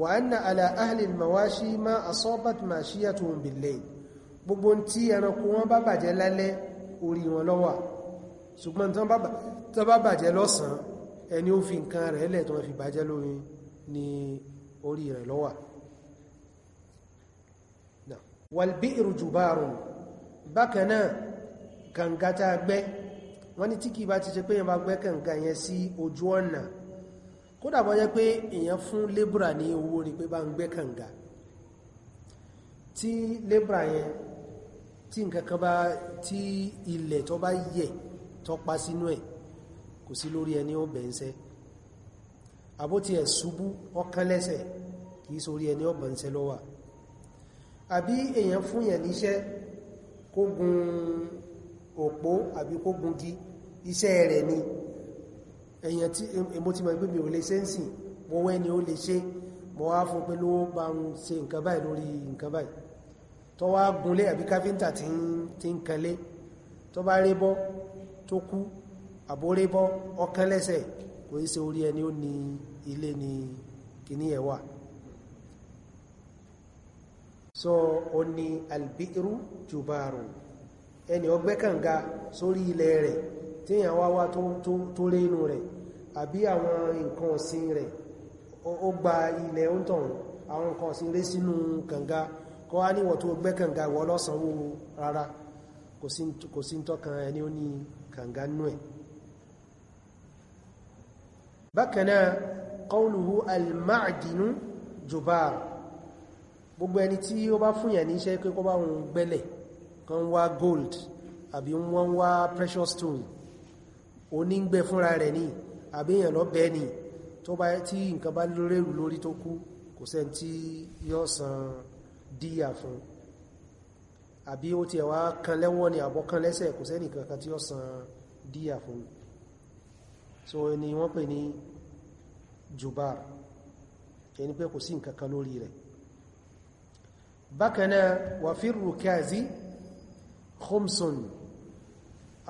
wa anna ala ahli al mawashi ma asabat mashiyatuhum bil layl gbogbo tí ẹranko wọn bá bàjẹ́ lálẹ́ orí wọn ló wà ṣùgbọ́n tó bá bàjẹ́ lọ́sàn ẹni ó fi nǹkan rẹ̀ lẹ̀ tó fi bàjẹ́ lórí ni orí rẹ̀ ló wà wal-bi'ru jubarun bákan náà kànga tá a gbẹ́ wọ́n ní tí kìí bá ti ṣe pé èyàn bá gbẹ́ kànga yẹn sí ojú ọ̀nà kódà bọ́ jẹ́ pé èyàn fún lébùrà ní owó ni pé bá ń gbẹ́ kànga tí lébùrà yẹn tí nǹkan kan bá tí ilẹ̀ tó bá yẹ̀ tó pa sínú ẹ̀ kò sí lórí ẹni ó bẹ̀ẹ́sẹ́ àbótí ẹ̀ ṣubú ọkàn lẹ́sẹ̀ kìí sórí ẹni ó bẹ̀ẹ́sẹ́ lọ́wà àbí èèyàn fún yẹn níṣẹ́ kó òpó àbí kó gi iṣẹ́ rẹ̀ ni èèyàn tí mo ti mọ̀ pé mi ò lè ṣe ń sìn mo wẹ́ ni ó lè ṣe mo wá fún pé lówó bá ń ṣe nǹkan báyìí lórí nǹkan báyìí tó wá gúnlé àbí káfíntà tí ń kanlé tó bá rébọ́ tó kú àbórébọ́ ọkàn lẹ́sẹ̀ kò í ṣe orí ẹni ó ní ilé ni kìní ẹ̀ so ó ní albiru jubaru ẹni ọgbẹ́ kànga sórí ilẹ̀ rẹ̀ tí èyàn wá wá tó lé inú rẹ̀ àbí àwọn nǹkan ọ̀sìn rẹ̀ ó gba ilẹ̀ ó tọ̀run àwọn nǹkan ọ̀sìn rẹ̀ sínú kànga kọ́ á níwọ̀ tó gbẹ́ kànga wọ́ lọ́sànwó rárá kò sí tọ́kan ẹni ó ní kànga nú ẹ̀ bákanáà qawluhu al-ma'dinu jubar gbogbo ẹni tí ó bá fúnyà ní iṣẹ́ pé kó bá wọn gbẹ́lẹ̀ kan wá gold àbí wọ́n wá precious stone onígbẹ fúnra rẹ̀ ní àbí èèyàn lọ bẹ́ẹ̀ ni tó bá tí nǹkan bá lórèrù lórí tó kú kò sẹ́ni tí yóò san díyà fún àbí ó ti ẹ̀wà kan lẹ́wọ́ ni àbọ́ kan lẹ́sẹ̀ kò sẹ́nì kankan tí ó san díyà fún so ni wọ́n pè ní jubar ẹni pé kò sí nkankan lórí rẹ̀ bákanáà wà fi rukazi khumsun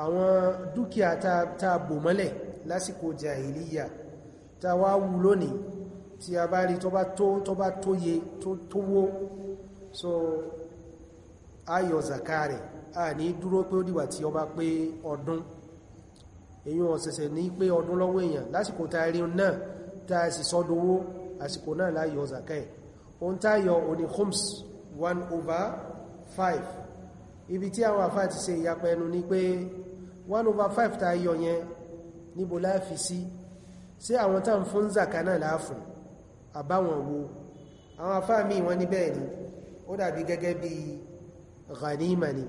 àwọn dúkìá ta bò mọ́lẹ̀ lásìkò jahiliya ta wá wú lónìí tí a bá rí tó bá tóye tó wó so ayọ̀ zakari a ní dúró pé ó dìgbà tí ó bá pé ọdún èyí ọ̀sẹ̀sẹ̀ ní pé ọdún lọ́wọ́ èèyàn lásìkò tá rí náà tá a sì sọ́dọ̀wó àsìkò náà láyọ̀ zakari ohun táyọ̀ òní homs 1 over 5 ibi tí àwọn àfáà ti ṣe ìyapẹ ẹnu ni pé 1 over 5 táyọ̀ yẹn níbo láàfi sí sí àwọn táà ń fún zakari náà láàfún àbáwọn wo àwọn àfáà míì wọ́n ní bẹ́ẹ̀ ó dàbí gẹ́gẹ́ bí ghanima ni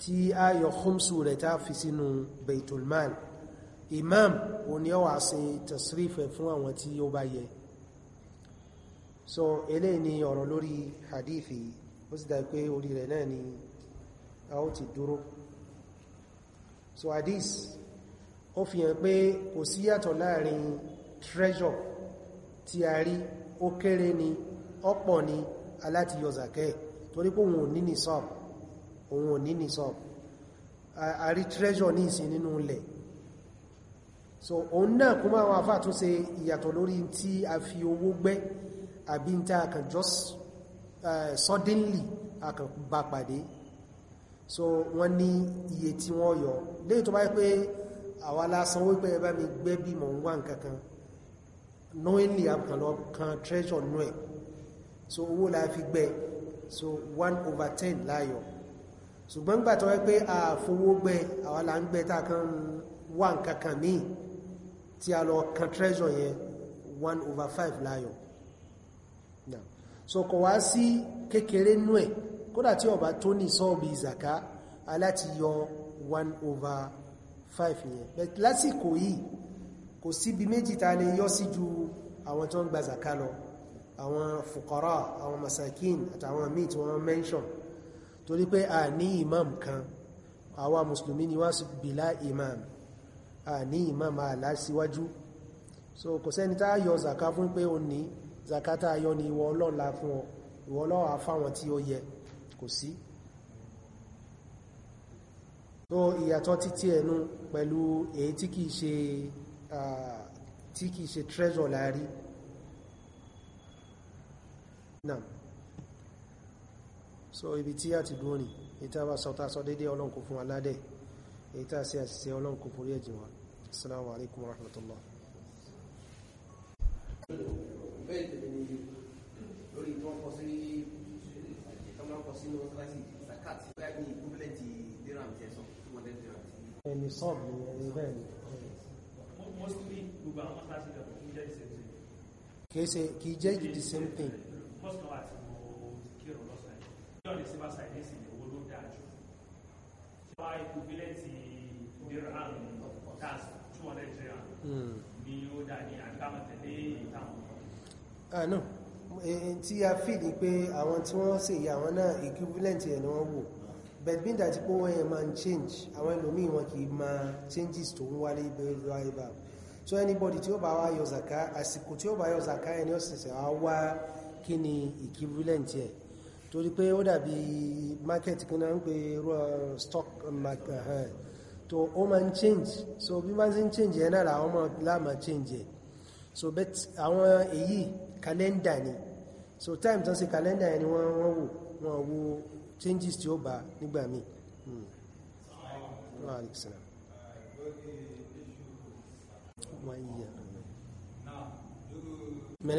tí a yọ khumsu rẹ̀ tá fi sínú baitul mal imam ó ní ó wá ṣe tasrif fún àwọn tí ó bá yẹ so eléyìí ni ọ̀rọ̀ lórí hadithi ó sì dàbí pé orí rẹ̀ náà ni a ó ti dúró so hadith ó fi hàn pé kò síyàtọ̀ láàrin treasure tí a rí ó kéré ni ọ̀pọ̀ ni aláti yọ zakẹ́ torí pé òun ò ní ní sọ́ọ̀bù òun ò ní ní sọ́ọ̀bù àrí treasure ní ìsìn nínú ilẹ̀ so òun náà kó máa wọn afá tún ṣe ìyàtọ̀ lórí tí a fi owó gbẹ́ àbí ń tá àkàn just uh, suddenly àkàn bá pàdé so wọ́n ní iye tí wọ́n yọ léyìí tó bá yẹ pé àwa lásán wípé ẹ bá mi gbẹ́ bí mọ̀ ń wá nǹkan kan knowingly àkànlọ kan treasure nú ẹ̀ so owó la fi gbẹ so 1 over 10 láyọ̀ ṣùgbọ́n gbà tó wẹ́ pé a fowó gbẹ àwa la ń gbẹ tá kan wà nǹkankan míì tí a lọ kan treasure yẹn 1 over 5 láyọ̀ now so kọ̀ wá sí kékeré nú ẹ̀ kódà tí ọba tó ní sọ́ọ̀bì ìzàká aláti yọ 1 over 5 yẹn but lásìkò yìí kò síbi méjì ta lè yọ sí ju àwọn tó ń gba zàká lọ àwọn fukara àwọn masakin àtàwọn míì tí wọ́n mention torí pé a ní imam kan àwa musulmi ni wá sí bílá imam a ní imam àlá síwájú so kò sẹ́ni tá yọ zaka fún pé o ní zaka tá yọ ni ìwọ ọlọ́la fún ọ ìwọ ọlọ́wà fáwọn tí ó yẹ kò sí so ìyàtọ̀ títí ẹnu pẹ̀lú èyí tí kìí ṣe treasure láàrin Nam. so ibi tí a ti dúró ní ìta bá sọta sọ dédé ọlọ́nkù fún aládẹ́ ìta sí àṣìṣe ọlọ́nkù fún rí ẹ̀jìnwá assalamu alaikum warahmatullah ẹni sọ́ọ̀bù ẹni bẹ́ẹ̀ ni kìí ṣe kìí jẹ́ ìdí same thing bọ́sì kan wà tí mo kírun lọ́sàn-án yìí yóò ní síbáṣà ilé sì ló dáa jù ṣé wàá ikú bílẹ̀ ti dirham tas two hundred dirham hmm. ni ó dáa ní àdìgbàmọ̀ tẹ̀lé ìtàwọn. àná ah, tí a fi ni pé àwọn tí wọ́n ṣe ìyá àwọn náà equivalent ẹ̀ ni wọ́n wò bẹ̀dbín that pé wọ́n yẹn máa ń change àwọn ẹlòmíì wọn kì í máa changes tó ń wálé bẹ́ẹ̀ so anybody tí ó bá wá yọ zaka àsìkò tí ó bá yọ zaka ẹni ọ̀sẹ̀sẹ̀ á wá kí ni equivalent ẹ̀ torí pé ó dàbí market kí náà ń pè uh, stock market uh, eh, tó ó máa ń change so bí wọ́n ti ń change ẹ̀ náà làwọn máa láàmà change ẹ̀ so bet àwọn èyí calendar ni so time tó ń ṣe calendar ẹ̀ ni wọ́n wò wọ́n wo changes tí ó bá nígbà míì وعليكم السلام وإياكم من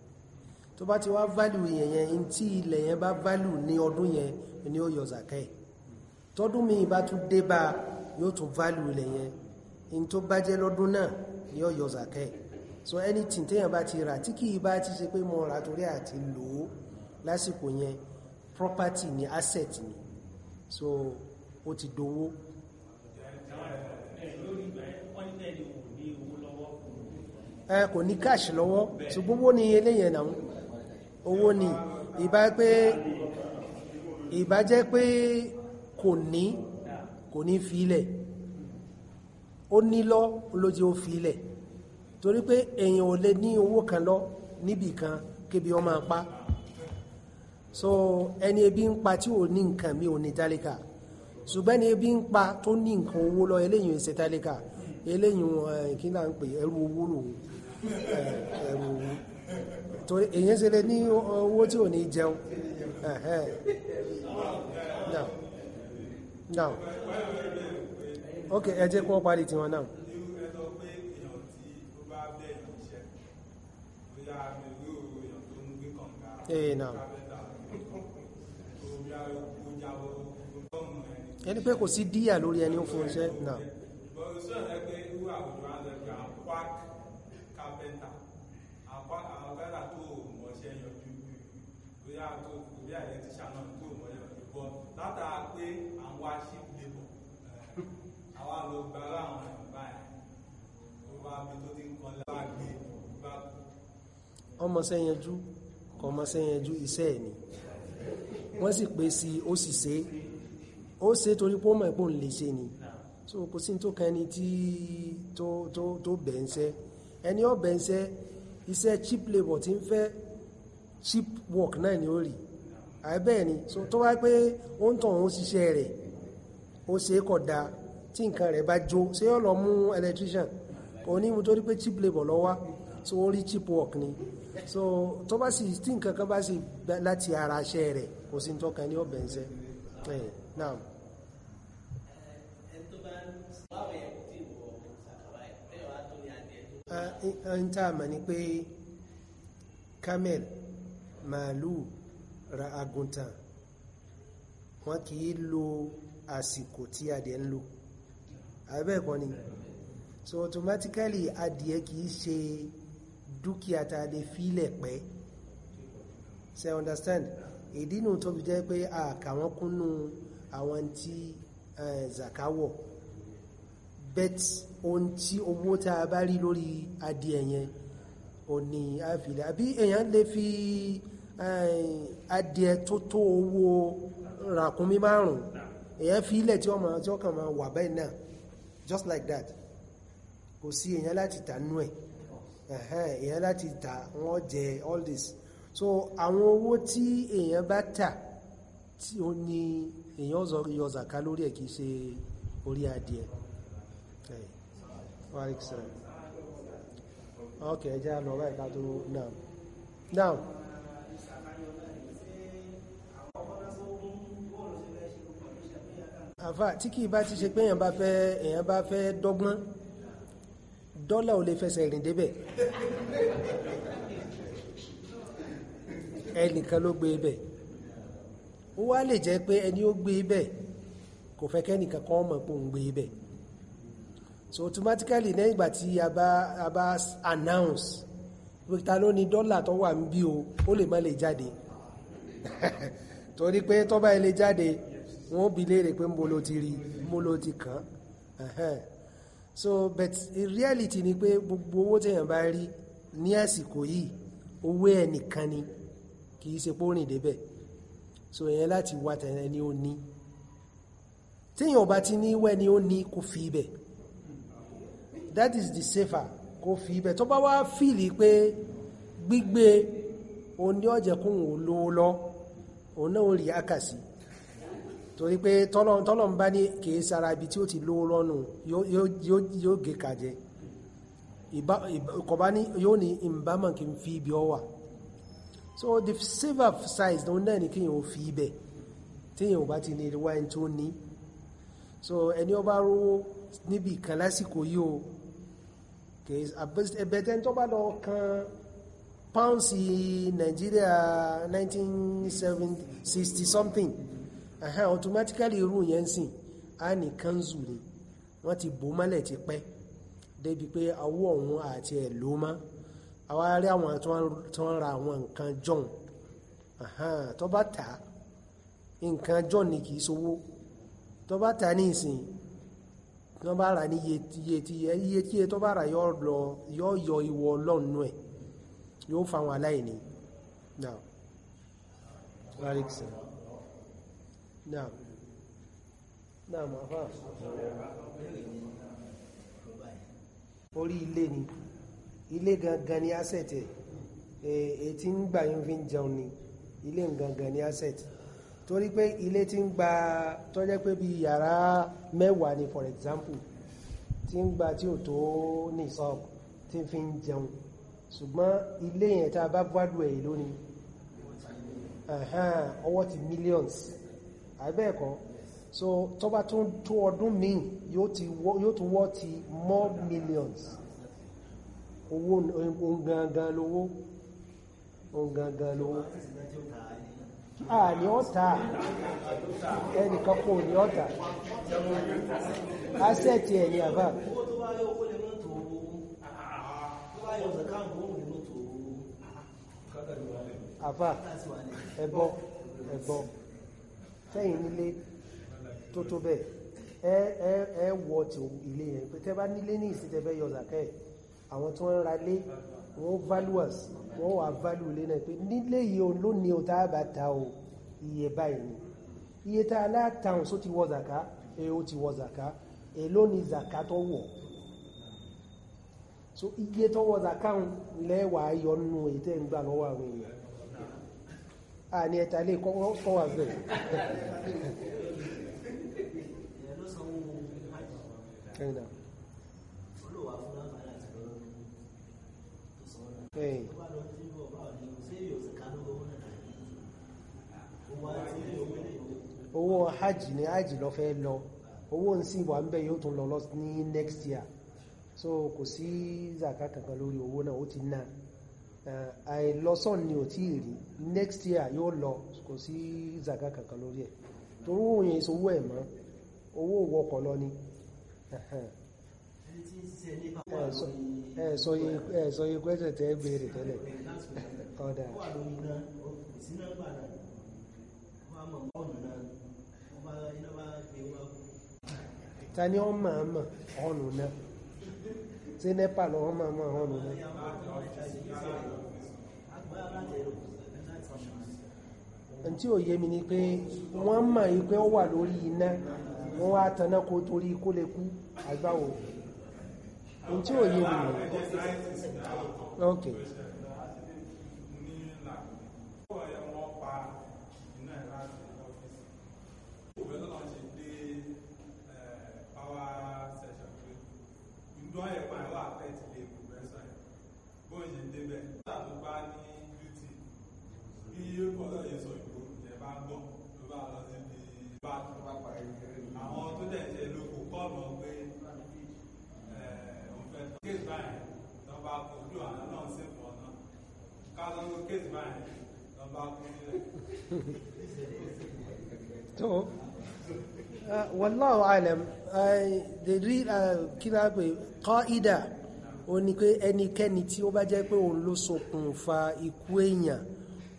tó bá ti wá value yẹn yẹn in tí ilẹ̀ yẹn bá value ní ọdún yẹn ni ó yọ zaka ẹ̀ tọdún mi bá tún dé bá yóò tún value ilẹ̀ yẹn in tó bá jẹ́ lọ́dún náà ni ó yọ zaka ẹ̀ so anything téèyàn bá ti rà tí kì í bá ti ṣe pé mo rà torí àti lò ó lásìkò yẹn property ni asset ni so ó ti dowó ẹ kò ní cash lọ́wọ́ ṣùgbọ́n owó ni eléyẹn náà owó ni ìbá pé ìbá jẹ́ pé kò ní kò ní fi ilẹ̀ ó nílọ́ olóje ó fi ilẹ̀ torí pé èèyàn ò lè ní owó kan lọ níbì kan kébi ó máa so ẹni ebi ń pa tí ò ní nǹkan mi ò ní tálíkà ṣùgbọ́n ẹni ebi ń pa tó ní nǹkan owó lọ eléyìí ṣe tálíkà eléyìí eh, kí ń pè ẹrú owó lòun eh, ẹrú owó torí èyàn ṣe lè ní owó tí ò ní jẹun ok ẹ jẹ́ náà ee eh, now ẹni pé kò sí díyà lórí ẹni ó fún náà. bóyá tó bóyá ẹ̀yẹ ti ṣàná tó mọ̀ ẹ̀ ìbọn látara pé àwọn aṣíwò lè bọ̀ àwa lọ gbára àwọn ìgbà tó bá bí tó ti ń kan lára gbé gbá. ọmọ sẹ́yẹnjú ọmọ sẹ́yẹnjú iṣẹ́ ẹ̀ ni wọ́n sì pè sí ó sì ṣe ó ṣe torí pé ó mọ̀ ẹ̀pọ̀ lè ṣe ni so kò sí tó kan ẹni tí tó bẹ̀ ń ṣe ẹni ó bẹ̀ ń ṣe iṣẹ́ cheap labour ti ń fẹ́ sheep work, náà ni ó rí àbẹ́ẹ̀ ni so tó wá pé ó ń tàn ó ṣiṣẹ́ rẹ̀ ó ṣe é kódà tí nǹkan rẹ̀ bá jó ṣé ó lọ mú electrician onímú torí pé cheap labour lọ wá so ó rí cheap work ni so tó bá sì tí nǹkan kan bá sì láti ara iṣẹ́ rẹ̀ kò sí tọ́ka ní ọ̀bẹ̀ ńṣẹ́ náà. ẹni tó bá ń tá ni pé camel màálù ra àgùntàn wọn kì í lo àsìkò tí adìẹ ń lò àbẹ́ẹ̀kọ́ ni so automatically adìẹ kì í ṣe dúkìá ta lè fílẹ̀ pẹ́ ṣe understand ìdí nù tó fi jẹ́ pé àkàwọn kúnnú àwọn tí zakawọ̀ bet ohun tí owó tá a bá rí lórí adìẹ yẹn ò àfilẹ̀ àbí èèyàn lè fi. Eh, adìẹ tó tó owó ràkúnmí márùn èyàn fi ilẹ̀ tí ọmọ tí ó kàn máa wà bẹ́ẹ̀ náà just like that kò sí èyàn láti tà nú ẹ̀ èyàn láti tà wọ́n jẹ all this so àwọn owó tí èyàn bá tà tí ó ní èyàn ọ̀zọ̀ yọ zàká lórí ẹ̀ kìí ṣe orí adìẹ ok ẹjá lọ báyìí ká tó náà now àfà tí kì í bá ti ṣe pé èèyàn bá fẹ́ èèyàn bá fẹ́ dọ́gbọ́n dọ́là ò lè fẹsẹ̀ rìn débẹ̀ ẹnìkan ló gbé ibẹ̀ ó wá lè jẹ́ pé ẹni ó gbé ibẹ̀ kò fẹ́ kẹ́nìkan kan mọ̀ pé òun gbé ibẹ̀ so automatically lẹ́yìn ìgbà tí a bá a bá announce pé ta ló ní dọ́là tó wà ń bí o ó lè má lè jáde *laughs* torí pé tó bá lè jáde wọn ó bi léèrè pé mbolo ti rí mbolo ti kàn án so but in reality ni pé gbogbo owó téèyàn bá rí ní àsìkò yìí owó ẹnìkan ni kì í ṣe pórìn débẹ̀ so ìyẹn láti wá tẹ̀lé ni ó ní téèyàn bá ti ní ni ó ní kò fi ibẹ̀ that is the safer kò fi ibẹ̀ tó bá wá fìlì pé gbígbé òun ní ọ̀jẹ̀kùn òun lówó lọ òun náà rí àkàsí torí pé tọ́lọ̀n bá ní kìí sára ibi tí ó ti lówó lọ́nù yóò gé kàjẹ́ kọ̀bá ní yóò ní ìbámọ̀ kí n fi ibi ọwà so the silver size ló náà ní kí yíò fi ibẹ̀ tí yíò bá ti ní ìrìwá ẹni tó ní so ẹni ọba rówó níbi kan lásìkò yíò ẹbẹ̀tẹ́ tó bá lọ kan pounds Nigeria 1960 something ẹ̀hẹ́ automatically irú yẹn sìn á ní kanzu ni wọ́n ti bò mọ́lẹ̀ ti pẹ́ débi pé awó ọ̀hún àti ẹ̀ ló má àwọn arí àwọn tó ń ra àwọn nǹkan john tó bá tà nǹkan john ni kìí sowó tó bá tà ní ìsìn tó bá rà ní iye tí iye tí tó bá rà yóò yọ ìwọ ọlọ́nu ẹ̀ yóò fáwọn aláìní now alex náà náà máa fà orí ilé ni ilé gangan ni asset ẹ̀ èyí tí ń gbà yín fi ń jẹun ni ilé gangan ni asset torí pé ilé tí ń gba tọ́jẹ́ pé bí yàrá mẹ́wàá ni for example tí ń gba tí ò tó ní sub tí fi ń jẹun ṣùgbọ́n ilé yẹn tá bá gbádùn ẹ̀ lónìí ọwọ́ ti millions àbẹ́ẹ̀kọ́ so tó bá tún tó ọdún míì yóò tún wọ́ ti more millions owó ongangan lówó ongangan lówó à ní ọ́ta ẹnìkan kò ní ọ́ta asẹ́ẹ̀tì ẹ̀ ní àbá owó tó bá yóò kó lè mú tó tó bá yóò zẹ̀ká mú àbá ẹ̀bọ́ ẹ̀bọ́ fẹ́yìn nílé tó tó bẹ́ẹ̀ ẹ ẹ ẹ wọ ti ilé yẹn pé tẹ́ bá nílé ní ìsìtẹ́fẹ́ yọ zakẹ́ àwọn tí wọ́n ń ra lé wọ́n valuers wọ́n wà value lé náà pé nílé yìí lónìí o tá ta o iye báyìí ni iye tá a látàun só ti wọ zaka e ó ti wọ zaka èyí ló ní zaka tó wọ̀ so iye tó wọ zaka lẹ́wàá yọ nínú èyí tẹ́ ń gbà lọ́wọ́ àwọn èèyàn ah ni atalii kwa wazee owó hajj ni hajj lọ fẹ́ lọ owó ń ń bẹ yóò tún lọ lọ ní next year so kò sí zaka kankan lórí owó náà ó ti náà Eh, àìlọ́sàn ni ò tí ì rí next year yóò lọ kò sí zaga kankan lórí ẹ̀ torí owó yẹn sọ owó ẹ̀ mọ́ owó òwò ọkọ̀ lọ ni ẹ sọ yẹ gbẹ́sẹ̀ tẹ́ béèrè tẹ́lẹ̀ ọ̀dà ta ni ọ máa mọ̀ náà ṣé nepal lọ́wọ́ máa máa hàn lónìí ẹni tí ò yé mi ni pé wọ́n mọ̀ yí pé ó wà lórí iná wọ́n wá kó torí kó lè kú àgbáwò ò yé mi ni ok. okay. dán ẹ̀wà ẹ̀wà àfẹ́tì lè pòfẹ́sọ̀ ẹ̀ bóun ṣe débẹ̀ nígbà tó bá ní beauty bí ọ̀rọ̀ yẹn sọ ìgbó yẹn bá gbọ́ ló bá lọ síbi bá tó bá parí àwọn tó dẹ̀ ṣe lóko kọ́ọ̀nù pé òun fẹ́ tó kéèsì báyìí tó bá kó ojú àná náà sí ìmọ̀ náà ká ló ló kéèsì báyìí tó bá kó sílẹ̀. tó *laughs* uh, wallahu alam. Eh, eh, kí la pè qaida ó ní pé ẹnikẹ́ni tí ó bá jẹ́ pé òun ló ṣokùnfà ikú èèyàn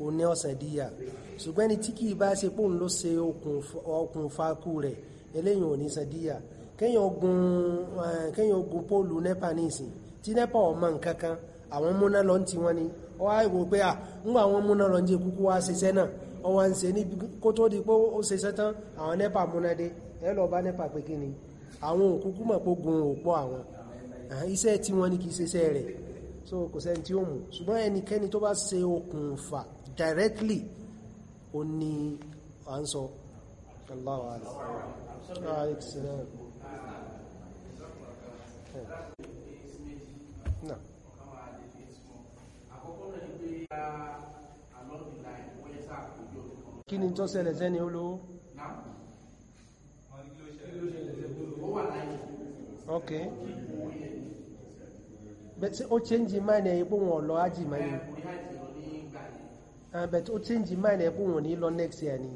òun ní ọ̀sán díyà ṣùgbọ́n ẹni tí kìí bá ṣe pé òun ló ṣe okùnfà kú rẹ̀ eléyìn ò ní san díyà kéèyàn gun eh, kéèyàn gun póòlù nepa ní ìsìn tí nepa ọmọ nǹkan kan àwọn múná lọ ti wọn ni ó wá wò pé à ńgbà àwọn múná lọ ń kúkú wá ṣiṣẹ́ náà ó ń ṣe ní kó tó di pé ó ṣiṣẹ́ tán àwọn nepa múná dé ẹ lọ bá nípa pé kí ni àwọn òkúkú mọ̀ pó gun òpó àwọn iṣẹ́ tí wọ́n ní kì ṣe iṣẹ́ rẹ̀ so kò sẹ́ni tí ó mú ṣùgbọ́n ẹnikẹ́ni tó bá ṣe okùnfà directly ó ní à ń sọ Allahu No. kí ni tó ṣẹlẹ̀ sẹ́ni olówó okay but ó change your mind ẹ̀ pé wọn lọ ájì máa ní but ó change your mind ẹ̀ pé wọn ní lọ next year ni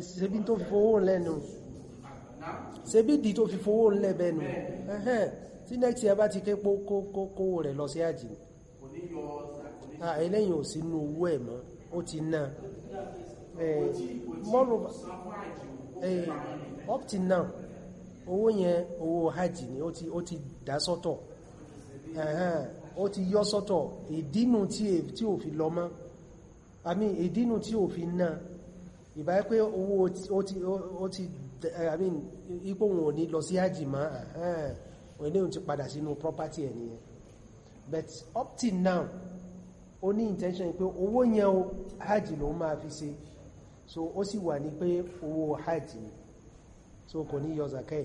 ṣebí uh, tó fi fowó lẹ́nu ṣebí di tó fi fowó lẹ́ bẹ́nu uh-huh. tí next year bá ti ké kó rẹ̀ lọ sí ájì eléyìn ò sínú owó ẹ̀ mọ́ ó ti ná eh, mọ́rùn-ún eh, up till now owó yẹn owó hajj ni ó ti ó ti dá sọ́tọ̀ ó ti yọ sọ́tọ̀ ìdínú tí ò fi lọ mọ́ àmì ìdínú tí ò fi ná ìbá pé owó ó ti àmì ipò wọn ò ní lọ sí hajj ma, òun ní òun ti padà sínú property ẹ̀ nìyẹn but up till now ó ní intention pé owó yẹn o hajj ló máa fi ṣe so ó sì wà ní pé owó hajj so kò ní yọ zakai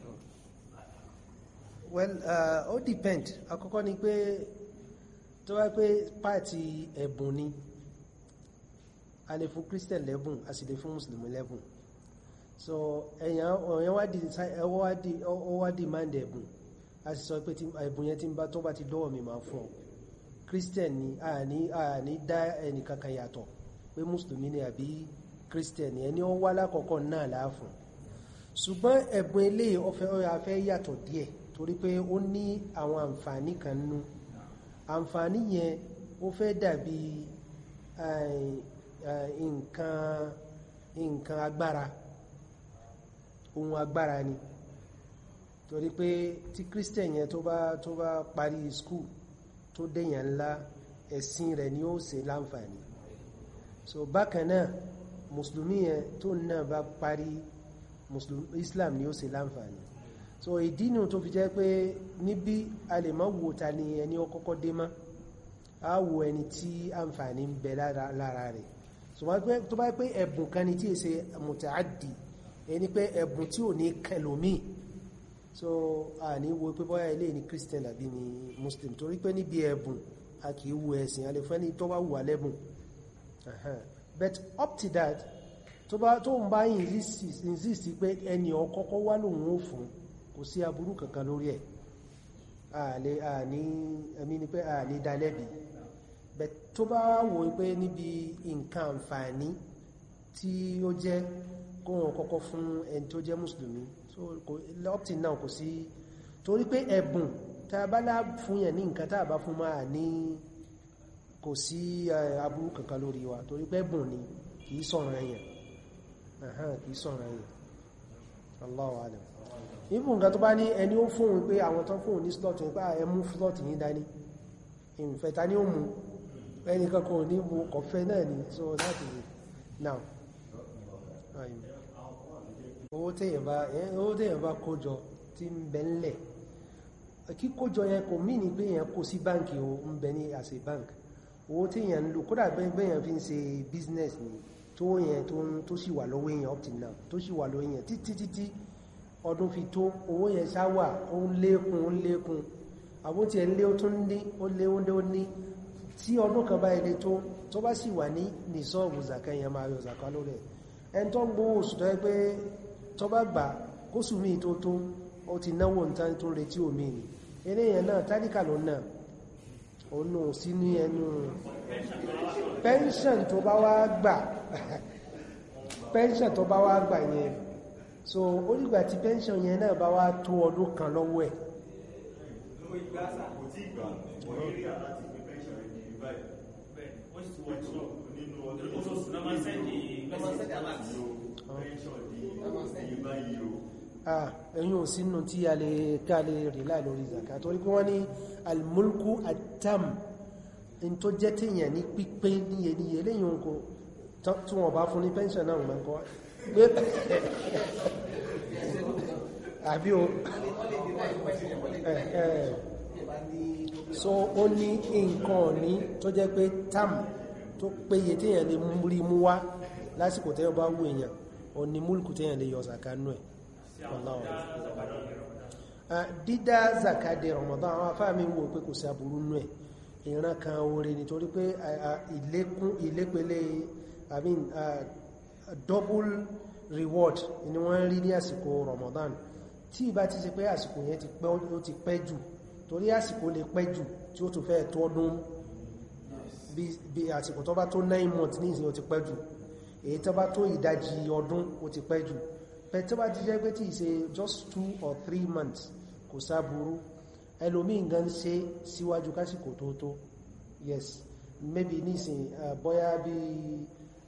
well uh, ó uh, depend àkọ́kọ́ ni pé tó wáyé pé páàtì ẹ̀bùn ni a lè fún christian lẹ́bùn a sì lè fún muslim lẹ́bùn so ẹ̀yàn ọ̀yàn wá di ẹwọ́ wá di ọwọ́ wá di máa ń dẹ̀bùn a sì sọ pé ẹ̀bùn yẹn tí ń bá tó ti dọ́wọ́ mi máa fún christian ni a ní a ní dá ẹnì kankan yàtọ̀ pé mùsùlùmí ni àbí christian ni ẹni ó wá lákọ̀ọ́kọ́ náà láàfún ṣùgbọ́n ẹ̀bùn eléyìí ọ̀fẹ́ ọ̀yà fẹ́ yàtọ̀ díẹ̀ torí pé ó ní àwọn àǹfààní kan nú àǹfààní yẹn ó fẹ́ dàbí eh, eh, nǹkan agbára ohun agbára ni torí pé tí christian yẹn tó bá tó bá parí school tó dẹ̀yàn ńlá ẹ̀sìn rẹ̀ ni ó ṣe láǹfààní so bákan náà mùsùlùmí yẹn tó náà bá parí islam ni ó ṣe láǹfààní so ìdí nù tó fi jẹ́ pé níbí a lè má wo ta ni ẹni ọkọ́kọ́ dé má a wo ẹni tí àǹfààní ń bẹ lára rẹ̀ tó bá pé ẹ̀bùn kan ni tí è ṣe mùtàádì ẹni pé ẹ̀bùn tí ò ní kẹlòmíì so a ní wo pé bọ́yá ilé ni christian àbí ni muslim torí pé níbi ẹ̀bùn a kì í wo ẹ̀sìn a lè fẹ́ ní tó bá wù alẹ́bùn but up to that tó ń bá insist pé ẹni ọkọ́kọ́ wá lòun ó fún un kò sí aburú kankan lórí ẹ̀ àlè àní ẹ̀mí ni pé àlè dalẹ́bi bẹ̀ tó bá wò pé níbi nǹkan àǹfààní tí ó jẹ́ kó wọn kọ́kọ́ fún ẹni tó jẹ́ mùsùlùmí so up till now kò sí torí pé ẹ̀bùn tá a bá lá fún yẹn ní nǹkan tá fún máa ní kò sí aburú kankan lórí wa torí pé ẹ̀bùn ni kìí sọ̀rọ̀ ẹ̀yẹn kìí sọ̀rọ̀ Allahu alam ibùn nǹkan tó bá ní ẹni ó fóun pé àwọn tán fóun ní slot ah, ní pé ẹmú slot yìí dání ìfẹ̀ta ní ó ẹni kankan ní mú kọfẹ́ náà ni so that is it now owó tẹ́yàn bá kójọ tí ń bẹ ńlẹ̀ kíkójọ yẹn kò mí ní pé èyàn kó sí báǹkì o ń bẹ ní àṣẹ báǹkì owó tẹ́yàn ń lò kódà bẹ́yàn fi ń ṣe business ni tó yẹn tó sì wà lọ́wọ́ èyàn up till now tó sì wà lọ́wọ́ èyàn títí ọdún fi tó owó yẹn ṣáwà ó ń lékún ó ń lékún àwọn tí ẹ̀ ń lé ó tún ní ó lé ó lé ó ní tí ọdún kan bá ilé tó tó bá sì wà ní nìsọ́ọ̀bù zàkà yẹn máa yọ zàkà lórí ẹ̀ ẹn tó ń gbówó oṣù tó pé tó bá gbà kó sùn míì tó tó ó ti náwó nǹkan tó ń retí omi ni eléyàn náà tádìkà ló náà òun sí ní ẹnu pẹ́ńṣàn tó bá wá gbà *laughs* pẹ́ńṣàn tó bá wá gbà yẹn so ó dìgbà tí pension yẹn náà bá wá tó ọdún kan lọ́wọ́ ẹ̀ ẹ̀yìn ò sínú tí a lè ká lè rí láì lórí zaka torí pé wọ́n ní almulku atam in tó jẹ́ tíyàn ní pípé níye níye lẹ́yìn ohun kò tí wọ́n bá fún ní pension náà mẹ́kọ́ àbí o eh, eh. so ó ní nǹkan ọ̀ní tó jẹ́ pé tam tó péye téèyàn lè rí mú wá lásìkò tẹ́yàn bá wù èèyàn ó ní múlùkù téèyàn lè yọ sàkánú ẹ̀ ọláwọ̀ eh, dídá zakade Ramadan àwọn afáàmì wò pé kò sí aburú nú ẹ̀ ìran kan oore nítorí pé ìlépele àbí double reward ni wọ́n rí ní àsìkò Ramadan tí ìbá ti ṣe pé àsìkò yẹn ti pẹ́ ó ti pẹ́ jù torí àsìkò lè pẹ́ jù tí ó tún fẹ́ tó ọdún bí àsìkò tó bá tó 9 months ní ìsìn ó ti pẹ́ jù èyí tó bá tó ìdajì ọdún ó ti pẹ́ jù pẹ̀ tó bá ti jẹ́ pé tí ìṣe just 2 or 3 months kò sáburú ẹlòmí nǹkan ṣe síwájú kásìkò tó tó yes maybe ní ìsìn eh, bóyá bíi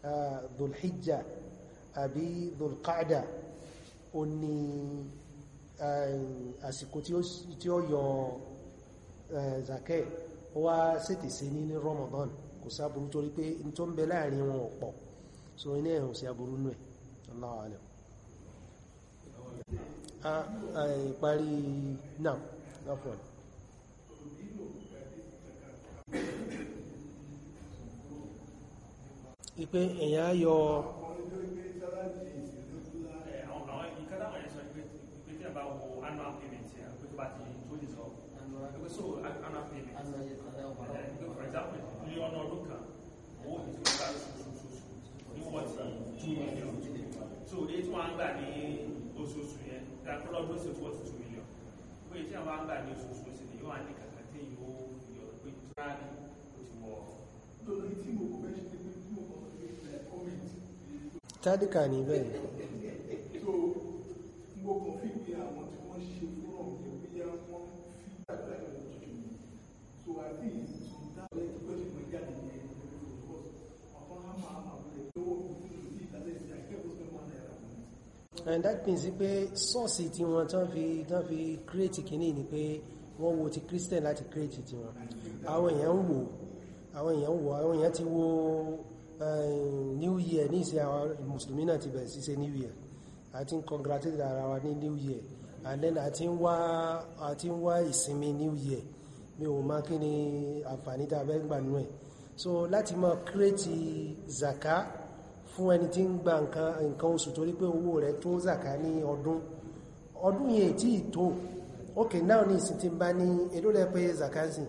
ذو الحجة àbí ذو القعدة ó ní eh, àsìkò tí ó yọ eh, zakat ó wá sètè sí ní Ramadan kò sáburú torí pé n tó ń bẹ láàrin wọn ọ̀pọ̀ so iná ẹ̀hùn sí aburú nù ẹ̀ Allahu alam ìparí náà lọ́pọ̀ ipe èyàn yọ so eight one gbà ní oṣooṣù yẹn lọ́dún sí forty two million pé tí àwọn àgbà ní oṣooṣù sí ni yóò wà ní kàkà tí yóò yọ pé tí wọ́n á ní oṣù wọ̀. lórí tí mo kọ́ bẹ́ẹ̀ tádìkà ní bẹ́ẹ̀ and that means pé sọ́ọ̀sì tí wọ́n tán fi tán fi create kìíní ni pe, wọ́n wo ti christian láti create tí wọ́n àwọn èèyàn ń wò àwọn èèyàn ń wò àwọn èèyàn ti wo Eh, new year ní ìsẹ́ àwọn mùsùlùmí náà ti bẹ̀rẹ̀ sí ṣe new year àti ń congratulate ara wa ní new year and then àti ń wá àti ń wá ìsinmi new year mi ò máa kí ni àǹfààní tá a fẹ́ gbà nú ẹ̀ so láti máa kírètì zaka fún ẹni tí ń gba nǹkan oṣù torí pé owó rẹ̀ tó zaka ní ọdún ọdún yẹn tí ì tó okay now ní ìsìn tí ń bá ní èlò lẹ́pẹ́ zakansin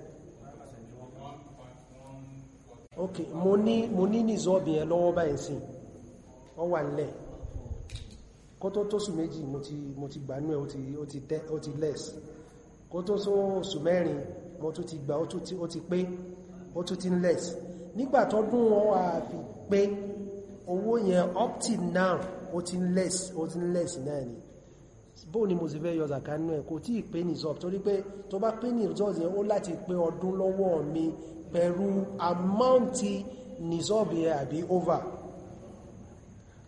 ok mo ní mo ní nìzọ́ọ̀bì yẹn lọ́wọ́ báyìí sí ọ wà nílẹ̀ kó tó tó sùn méjì mo ti gbà nú ẹ̀ ó ti less kó tó tó sùn mẹ́rin mo tún ti gbà ó ti pé ó tún ti less nígbà tọdún wọn wà fi pé owó yẹn up till now ó ti less ó ti less náà ni bó ni mo sì fẹ́ yọ zàkánú ẹ̀ kò tí ì pé ní zọ́ọ̀bù torí pé tó bá pé ní zọ́ọ̀bù yẹn ó láti pé ọdún lọ́wọ́ mi pẹ̀lú amáǹtì nìsọ́ọ̀bì ẹ̀ àbí over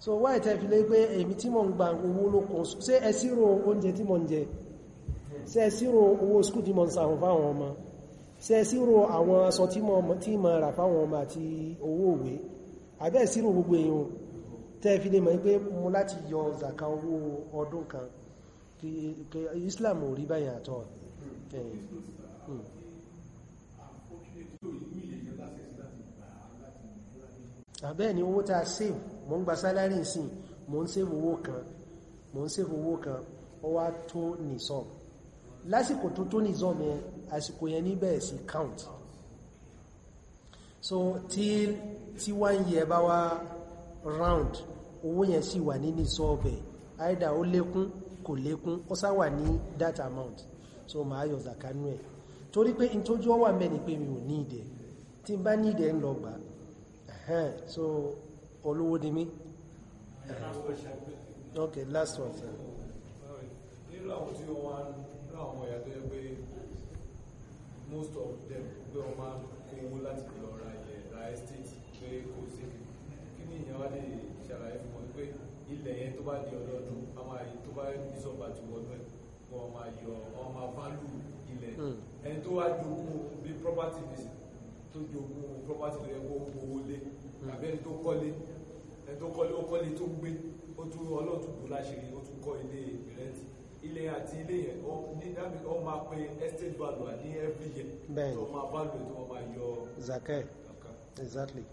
so wá ìtẹ́ fi lé pé èmi tí mo ń gba owó lókun ṣé ẹ ṣírò oúnjẹ tí mo ń jẹ ṣé ẹ ṣírò owó skú tí mo ń sàwọn fáwọn ọmọ ṣé ẹ ṣírò àwọn aṣọ tí mo rà fáwọn ọmọ àti owó òwe àbẹ́ ìṣírò gbogbo èèyàn tẹ́ fi lè mọ̀ pé mo láti yọ zàkà owó ọdún kan Islam ò rí báyìí àtọ́ ẹ̀ àbẹ́ ni owó tàà save mọ́ ń gba sálárì ìsìn mọ́ ń save owó kan mọ́ ń save owó kan ó wá tó nìsọ́ lásìkò tó tó nìsọ́ mẹ́ àsìkò yẹn níbẹ̀ sí count so till tí one year bá wá round owó yẹn sì wà ní nìsọ́ ọbẹ̀ either ó lékún kò lékún ó sá wà ní that amount so máa yọ zakanú ẹ̀ torí pé in tójú wọ́n wà mẹ́ni pé mi ò ní ìdẹ̀ tí bá ní ìdẹ̀ ń lọ gbà ẹ̀hẹ́n so olówó ni mí ok last one sir nínú àwọn tí wọ́n wá ń àwọn ìyá tó yẹ pé most of them pé wọ́n máa ń kówó láti lọ ra ilẹ̀ ra estate pé kò sí kí ni ìyẹn wá lè ṣàlàyé fún wọn pé ilẹ̀ yẹn tó bá di ọdọọdún a máa yí tó bá ní sọ́ba ti wọ́n mẹ́ wọ́n máa yọ wọ́n fálù ilẹ̀ hmm ẹni tó wá jogún bí property business tó jogún property lórí ẹgbẹ́ owó lé tàbí hmm. ẹni tó kọ́lé ẹni tó kọ́lé ó kọ́lé tó gbé ó tún ọlọ́run tún bò láṣìírí ó tún kọ́ ilé rent ilẹ̀ àti ilé yẹn ó ní dábì ó máa pe estate value ní every year bẹ́ẹ̀ tó máa value tó máa yọ. zakai exactly.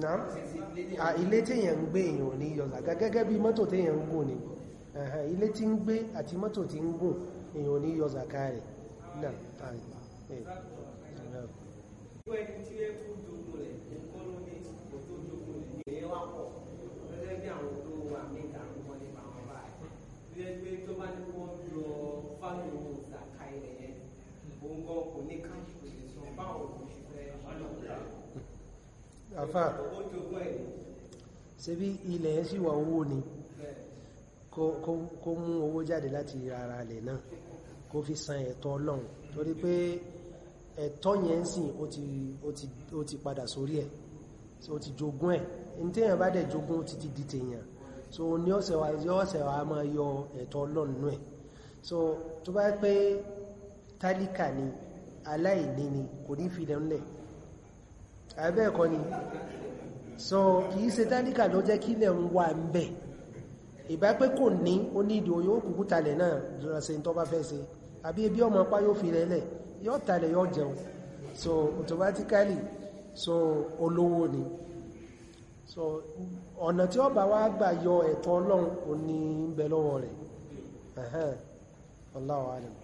naam ilé téèyàn ń gbé èèyàn ò ní yọ zakai gẹ́gẹ́ bí mọ́tò téèyàn ń gùn ni ilé tí ń gbé àti mọ́tò tí ń gùn èèyàn ò ní yọ zaka rẹ̀ náà àrẹ àfà ṣe bí ilẹ̀ ẹ̀ sì wà owó ni kó mú owó jáde láti ara ilẹ̀ náà kó fi san ẹ̀tọ́ ọlọ́run torí pé ẹ̀tọ́ yẹn sìn ó ti padà sórí ẹ̀ ó ti jogún ẹ̀ ní tí èèyàn bá dẹ̀ jogún ti ti di tèèyàn so ní ọ̀sẹ̀ wa ọ̀sẹ̀ wa máa yọ ẹ̀tọ́ ọlọ́run nú ẹ̀ so tó bá pé tálíkà ni aláìní ni kò ní fi lẹ́nlẹ̀ àbẹ́ẹ̀kọ́ ni so kìí ṣe tálíkà ló jẹ́ kílẹ̀ ń wà ń bẹ̀ẹ́ ìbá pé kò ní ó ní ìdí oyún òkùnkú talẹ̀ náà lọ́nà se tó bá fẹ́ ṣe àbí ebi ọmọ pa yóò fi rẹ̀lẹ̀ yóò talẹ̀ yóò jẹun so automatically so olówó ni so ọ̀nà tí ọba wá gbà yọ ẹ̀tọ́ ọlọ́run ò ní ń bẹ lọ́wọ́ rẹ̀ Allahu alam